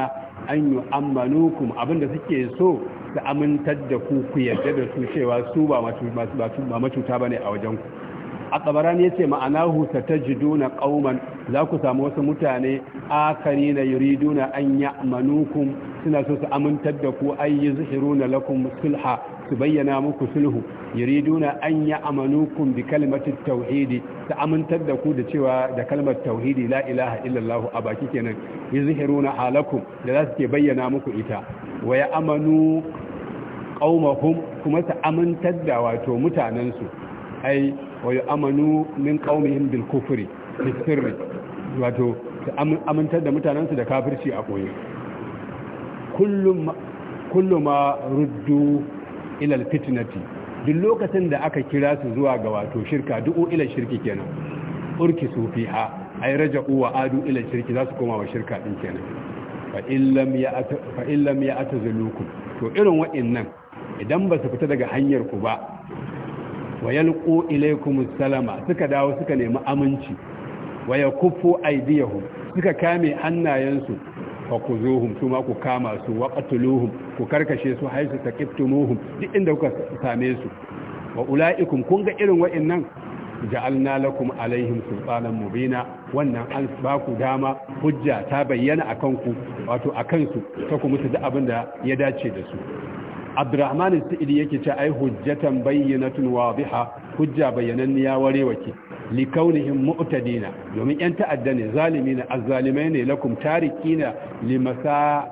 أن يؤمنوكم أبن سكي سو da amintar da ku ku yarda da su cewa su ba macuta bane a wajen ku a tsabarani ya ce ma'anahu ta ta jiduna ƙauman za ku samu wasu mutane akari na duna an yi manukun suna so su amintar da ku an yi zuhiru na lakun sulha su bayyana muku sulhu duna an ya amanukun bi kalmatin tauhidi ta amintar da ku da cewa da kalmar tauhidi la ilaha illallah a baki kenan yi zuhiru na halakun da za su ke bayyana muku ita wa ya amanu ƙaumahum kuma su amintar da wato mutanensu ai wa amanu min qaumihim bil kufri fi sirri wato su amintar da mutanensu da kafirci a koyi kullum ma ruddu ilal fitnati duk lokacin da aka kira su zuwa ga wato shirka duk ilal shirki kenan urki su fiha ay raja'u wa adu ilal shirki za su koma wa shirka din kenan fa illam ya fa illam to irin wa'annan idan ba su fita daga hanyar ku ba wa yalqu ilaykum salama suka dawo suka nemi aminci wa yakuffu aydiyahum suka kame hannayensu fa kuzuhum kuma ku kama su wa qatluhum ku karkashe su haisu taqiftumuhum duk inda kuka same su wa ulaikum kun ga irin wa'annan ja'alna lakum alaihim sultanan mubina wannan an ba dama hujja ta bayyana akan ku wato akan su ta ku musu da abin da ya dace da su abdurrahman sa'idi yake ce ai hujjatan bayyinatun wadiha hujja bayyananniya warewake li kaunihim mu'tadina domin yan ta'adda ne zalimi ne azzalimai ne lakum tarikina limasa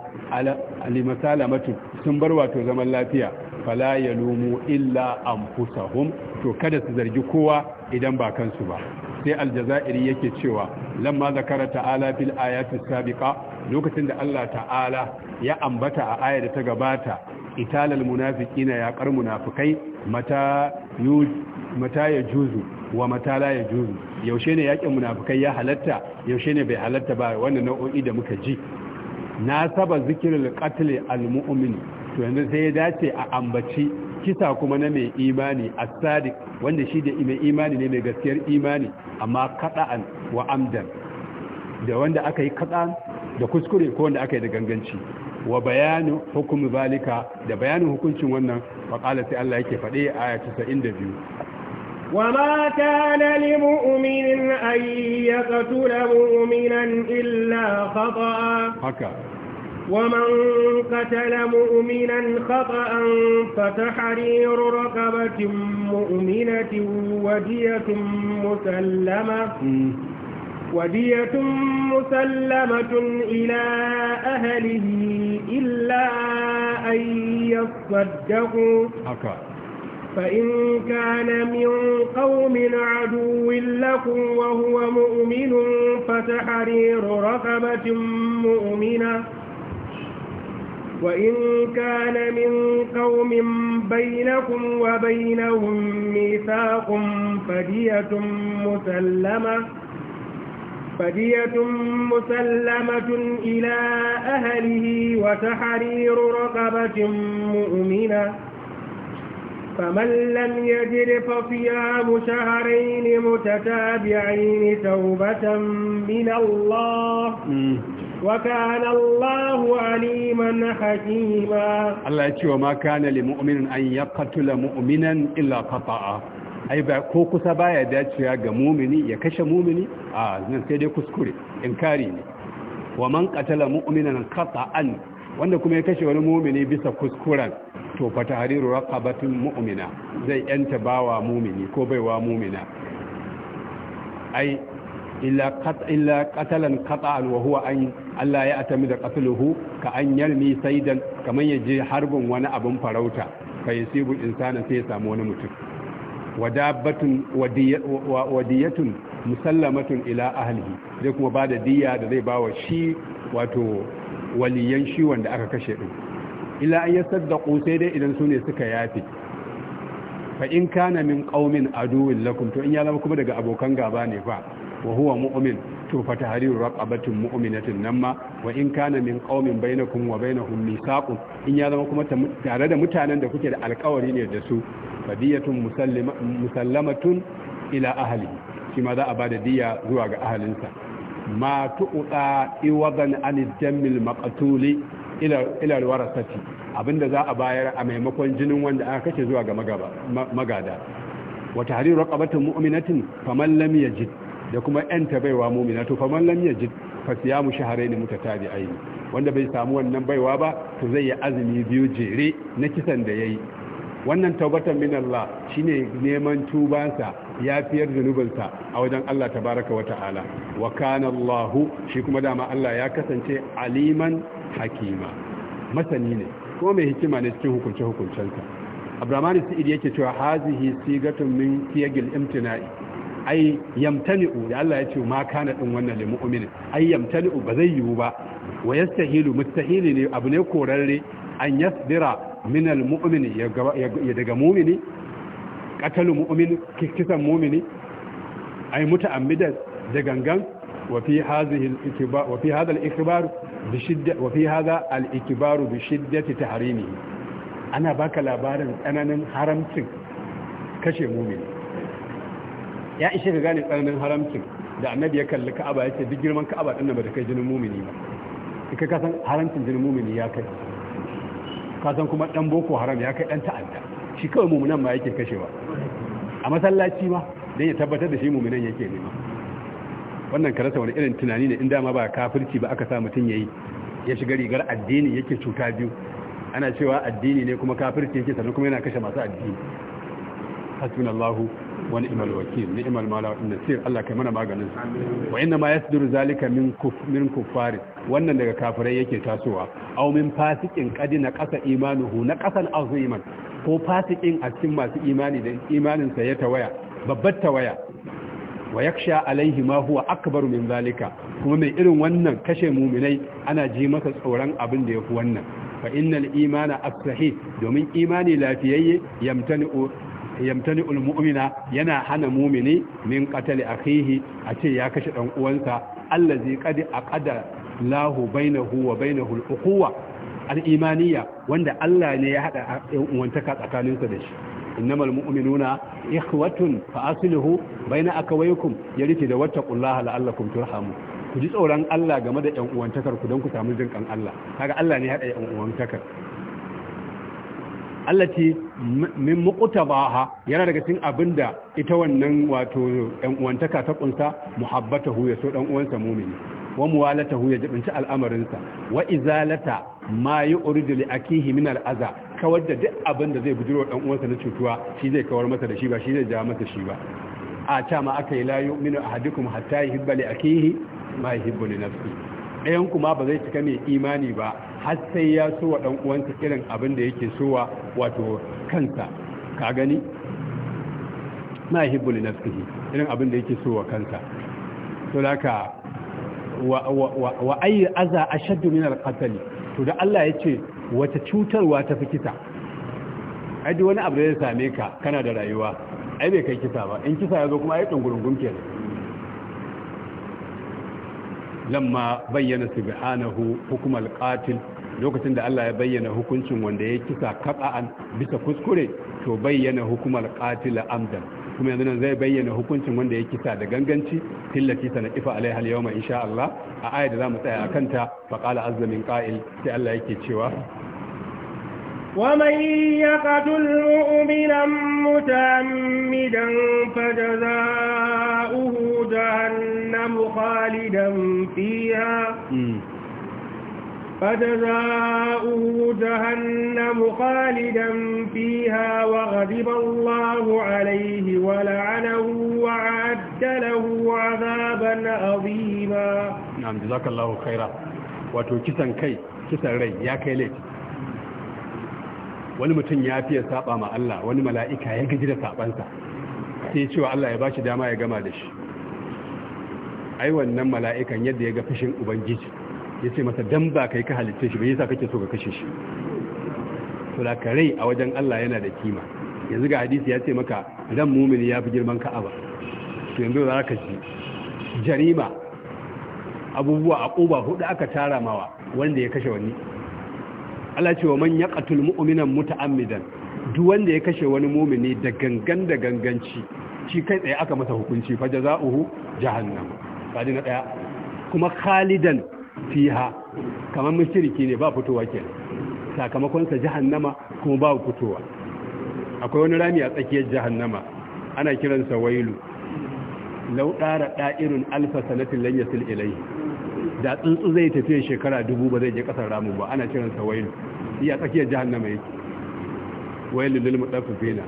sun bar wato zaman lafiya fala yalumu illa anfusahum to kada su zargi kowa idan ba kansu ba sai aljazairi yake cewa lamma zakara ta'ala fil ayati sabiqa lokacin da Allah ta'ala ya ambata a ayar da ta gabata italal munafikina ya kar munafikai mata ya juzu wa matala ya juzu yaushe ne yakin munafikai ya halatta yaushe ne bai halatta ba wannan nau'o'i da muka ji na saba zikirul qatl al mu'min to yanzu sai ya dace a ambaci kisa kuma na mai imani as-sadiq wanda shi da mai imani ne mai gaskiyar imani amma kada'an wa amdan da wanda aka yi kada'an da kuskure ko wanda aka yi da ganganci wa bayanu hukumi zalika da bayanin hukuncin wannan faƙala sai Allah yake faɗe a aya 92 وما كان لمؤمن أن يقتل مؤمنا إلا خطأ حكا ومن قتل مؤمنا خطأ فتحرير رقبة مؤمنة ودية مسلمة ودية مسلمة إلى أهله إلا أن يصدقوا فإن كان من قوم عدو لكم وهو مؤمن فتحرير رقبة مؤمنة وإن كان من قوم بينكم وبينهم ميثاق فدية مسلمة فدية مسلمة إلى أهله وتحرير رقبة مؤمنة فمن لم يجر فصيام شهرين متتابعين توبة من الله وكان الله عليما حكيما الله يتشوى ما كان لمؤمن أن يقتل مؤمنا إلا قطعه ai ba ko kusa baya dacewa ga mumini ya kashe mumini a nan sai dai kuskure inkari ne wa man qatala mu'minan qata'an wanda kuma ya kashe wani mumini bisa kuskuren to fa tahriru raqabatin mu'mina zai yanta bawa mumini ko baiwa mumina ai illa qat illa qatalan qata'an wa huwa an Allah ya atami da qatluhu ka an yalmi saidan kaman yaje harbin wani abun farauta fa yasibu insana sai ya samu wani mutum wadiyatun musallamatun ila ahlihi zai kuma ba da diya da zai ba wa shi wato waliyan shi wanda aka kashe ɗin ila an yi sai dai idan su ne suka yafi fa in kana min qaumin aduwwin lakum to in ya zama kuma daga abokan gaba ne fa wa huwa mu'min to fa tahriru raqabatin mu'minatin nan ma wa in kana min qaumin bainakum wa bainahum mithaqun in ya zama kuma tare da mutanen da kuke da alƙawari ne da su fadiyatun musallamatun ila ahli shi ma za a bada diya zuwa ga ahalinsa ma tu'ta iwadan an jammil maqtuli ila ila warasati abinda za a bayar a maimakon jinin wanda aka kace zuwa ga magada wa tahriru raqabatin mu'minatin faman lam yajid da kuma yanta baiwa mumina to fa man lam yajid fa siyamu shahrayn mutatabi'ain wanda bai samu wannan baiwa ba to zai yi azumi biyu jere na kisan da yayi wannan taubatan min Allah shine neman tubansa yafiyar zunubinsa a wajen Allah tabaraka wa ta'ala wa kana Allahu shi kuma dama Allah ya kasance aliman hakima masani ne ko mai hikima ne cikin hukunce hukuncensa Abdurrahman Sa'id yake cewa hazihi sigatun min siyagil imtina'i ai yamtani'u da Allah ya ce ma kana din wannan lil mu'minin ai yamtani'u ba zai yiwu ba wa yastahilu mustahili ne abu ne korarre an yasdira min al mu'min ya daga mu'mini qatalu mu'min kisan mu'mini ai muta'ammidan da gangan wa fi hadhihi al ikbar wa fi hadha al ikbar bi shidda wa fi hadha al ikbar bi shiddati tahrimihi ana baka labarin tsananin haramcin kashe mumini ya ishe ka gane tsananin haramcin da annabi ya kalli ka'aba ya ce duk girman ka'aba din nan ba da kai jinin mumini ba kai ka haramcin jinin mumini ya kai kasan kuma dan boko haram ya kai dan ta'adda shi kawai mumunan ma yake kashewa a masallaci ma dan ya tabbatar da shi mumunan yake nema wannan karasa wani irin tunani ne in dama ba kafirci ba aka sa mutum yayi ya shiga rigar addini yake cuta biyu ana cewa addini ne kuma kafirci yake sannan kuma yana kashe masu addini hasbunallahu wani imal wakil ni imal mala wa nasir Allah kai mana maganin su wa inna ma yasduru zalika min kuf min kufari wannan daga kafirai yake tasowa aw min fasikin qadina qasa imanuhu na qasan aziman ko fasikin a cikin masu imani da imanin sa ya tawaya babbar tawaya wa yaksha alaihi ma huwa akbar min zalika kuma mai irin wannan kashe muminai ana ji masa tsoron abin da yafi wannan fa innal imana as-sahih domin imani lafiyayye yamtani yamtani ulmu'mina yana hana mumini min qatali akhihi a ce ya kashe dan uwansa allazi qad aqada lahu bainahu wa bainahu al-uquwa al-imaniyya wanda Allah ne ya hada uwantaka tsakaninsa da shi innamal mu'minuna ikhwatun fa aslihu baina akawaykum yarite da wattaqullaha la'allakum turhamu ku ji tsoron Allah game da yan uwantakar ku don ku samu jinkan Allah kaga Allah ne ya hada ƴan uwantakar allati min muqtabaha yana daga cikin abinda ita wannan wato ɗan uwantaka ta kunsa muhabbatahu ya so ɗan uwansa mumini wa muwalatahu ya jibinci al'amarinsa wa izalata ma yi yuridu li akihi min al'aza kawar da duk abin da zai bujiro ɗan uwansa na cutuwa shi zai kawar masa da shi ba shi zai ja masa shi ba a ta ma aka yi layu min ahadikum hatta yuhibba li akihi ma yuhibbu li nafsi ɗayan kuma ba zai cika mai imani ba har sai ya so wa ɗan uwansa irin abin da yake sowa wato kansa ka gani ma yuhibbu li nafsihi irin abin da yake sowa kansa to laka wa wa wa ayyu aza ashaddu min al-qatl to da Allah yace wata cutarwa ta fi kisa ai duk wani abu da ya same ka kana da rayuwa ai bai kai kisa ba in kisa ya zo kuma ai dungurungun kenan lamma bayyana subhanahu hukumar qatil lokacin da Allah ya bayyana hukuncin wanda ya kisa kaba'an bisa kuskure to bayyana hukumar qatila amdan kuma yanzu nan zai bayyana hukuncin wanda ya kisa da ganganci tillati sana ifa alaiha al-yawma insha Allah a ayat da zamu tsaya akan ta fa qala azza min qa'il sai Allah yake cewa ومن يقتل مؤمنا متعمدا فجزاؤه جهنم خالدا فيها فجزاؤه جهنم خالدا فيها وغضب الله عليه ولعنه وعد له عذابا عظيما نعم جزاك الله خيرا wato kisan kai kisan rai ya kai laifi wani mutum ya fiye saba ma Allah wani mala'ika ya gaji da sabansa sai ya ce wa Allah ya bashi dama ya gama da shi ai wannan mala'ikan yadda ya ga fushin ubangiji ya ce masa dan ba kai ka halitta shi yi sa kake so ka kashe shi to da a wajen Allah yana da kima yanzu ga hadisi ya ce maka dan mumini ya fi girman ka'aba to yanzu za ka ji jarima abubuwa a ƙuba hudu aka tara mawa wanda ya kashe wani Allah ce wa man yaqatul mu'minan muta'ammidan duk wanda ya kashe wani mumini da gangan da ganganci shi kai tsaye aka masa hukunci fa jaza'uhu jahannam kadi na daya kuma khalidan fiha kamar mashiriki ne ba fitowa ke. sakamakon sa jahannama kuma ba fitowa akwai wani rami a tsakiyar jahannama ana kiransa wailu lau ɗara ɗa'irin alfa sanatin lanyar sil'ilai da tsuntsu zai tafiya shekara dubu ba zai je kasar ramu ba ana kiransa wailu a tsakiyar jahannama yake wailu lil mutaffifina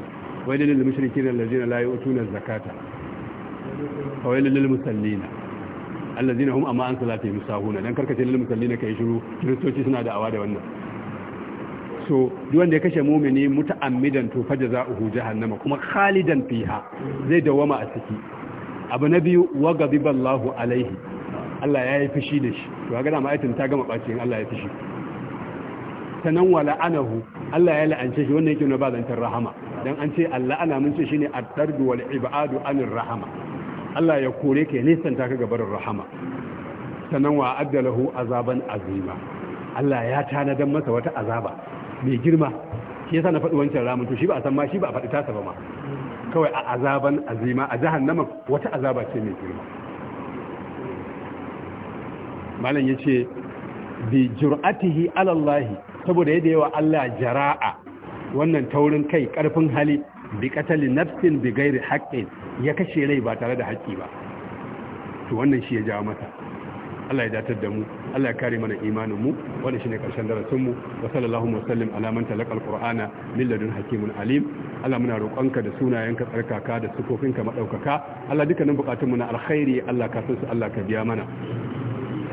wailu lil mushrikina allazina la yu'tuna zakata wailu lil musallina allazina hum amma an salati musahuna dan karkace lil musallin kai shiru kristoci suna da awa da wannan so duk wanda ya kashe mumini muta'ammidan to fajza'uhu jahannama kuma khalidan fiha zai dawama a ciki abu na wa ghadiballahu alaihi Allah ya yi fushi da shi to ga dama ayatin ta gama bacin Allah ya fushi sanan wala anahu Allah ya la'ance shi wannan yake na bazantar rahama dan an ce Allah ana mun ce shine at-tardu wal ibadu anir rahama Allah ya kore ka nisan ta ka gabarin rahama sanan wa addalahu azaban azima Allah ya tanadan masa wata azaba mai girma shi yasa na faɗi wancan ramin to shi ba a san ma shi ba a faɗi tasa ba ma kawai a azaban azima a jahannama wata azaba ce mai girma malam yace bi jur'atihi ala Allah saboda yadda yawa Allah jara'a wannan taurin kai karfin hali bi katali nafsin bi ghairi ya kashe rai ba tare da haƙƙi ba to wannan shi ya jawo mata Allah ya datar da mu Allah ya kare mana imanin mu wannan shine karshen darasin mu wa sallallahu wa sallim ala man talaqa alqur'ana min ladun hakimun alim Allah muna roƙonka da sunayenka tsarkaka da sufofinka madaukaka Allah dukkanin bukatun mu na alkhairi Allah ka san su Allah ka biya mana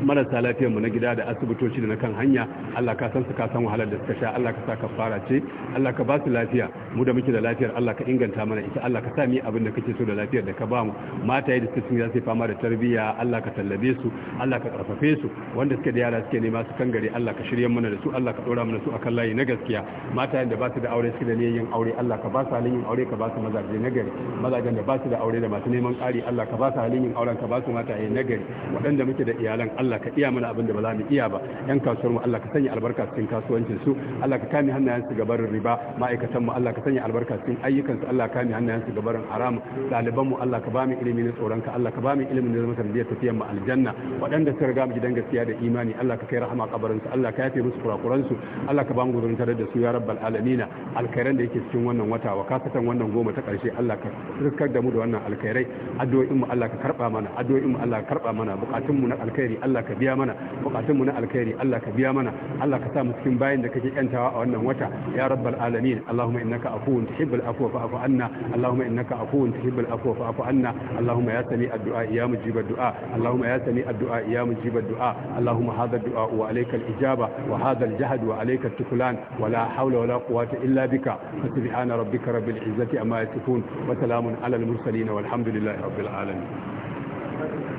marasa lafiyar mu na gida da asibitoci da na kan hanya Allah ka san su ka san wahalar da suka sha Allah ka sa ka fara ce Allah ka ba su lafiya mu da muke da lafiyar Allah ka inganta mana ita Allah ka sa abin da kake so da lafiyar da ka ba mu mataye da suke za su fama da tarbiyya Allah ka tallabe su Allah ka karfafe su wanda suke da yara suke nema su kan gari Allah ka shirye mana da su Allah ka dora mana su akan layi na gaskiya matayen da ba su da aure suke da niyyar aure Allah ka ba su halin yin aure ka ba su mazaje na gari mazajen da ba su da aure da masu neman ƙari Allah ka ba su halin yin auren ka ba su mataye na gari waɗanda muke da iyalan Allah Allah ka iya mana abin da ba za mu iya ba yan kasuwar mu Allah ka sanya albarka cikin kasuwancin su Allah ka kame hannayen su ga barin riba ma'aikatan mu Allah ka sanya albarka cikin ayyukan su Allah ka kame hannayen su barin haram daliban mu Allah ka ba mu ilimi na tsoron ka Allah ka ba mu ilimin da zama sanadiyar tafiyar mu aljanna waɗanda su riga mu gidan gaskiya da imani Allah ka kai rahama kabarin su Allah ka yafe musu kurakuran su Allah ka ba mu gudurin tare da su ya rabbal alamin alkhairan da yake cikin wannan wata wa kasatan wannan goma ta ƙarshe Allah ka riskar da mu da wannan alkhairai addu'o'in mu Allah ka karba mana addu'o'in mu Allah ka karba mana bukatun mu na alkhairi Allah Allah ka biya mana bukatunmu na alkhairi Allah ka biya mana Allah ka sa mu cikin bayin da kake yantawa a wannan wata ya rabbal alamin Allahumma innaka afuwun tuhibbul afwa fa'fu anna Allahumma innaka afuwun tuhibbul afwa fa'fu anna Allahumma ya sami addu'a ya mujib du'a Allahumma ya sami addu'a ya mujib du'a Allahumma hadha du'a wa alayka al-ijaba wa hadha al-jahd wa alayka at-tuklan wa la hawla wa la quwwata illa bika subhana rabbika rabbil izzati amma yasifun wa salamun ala al-mursalin والحمد لله رب العالمين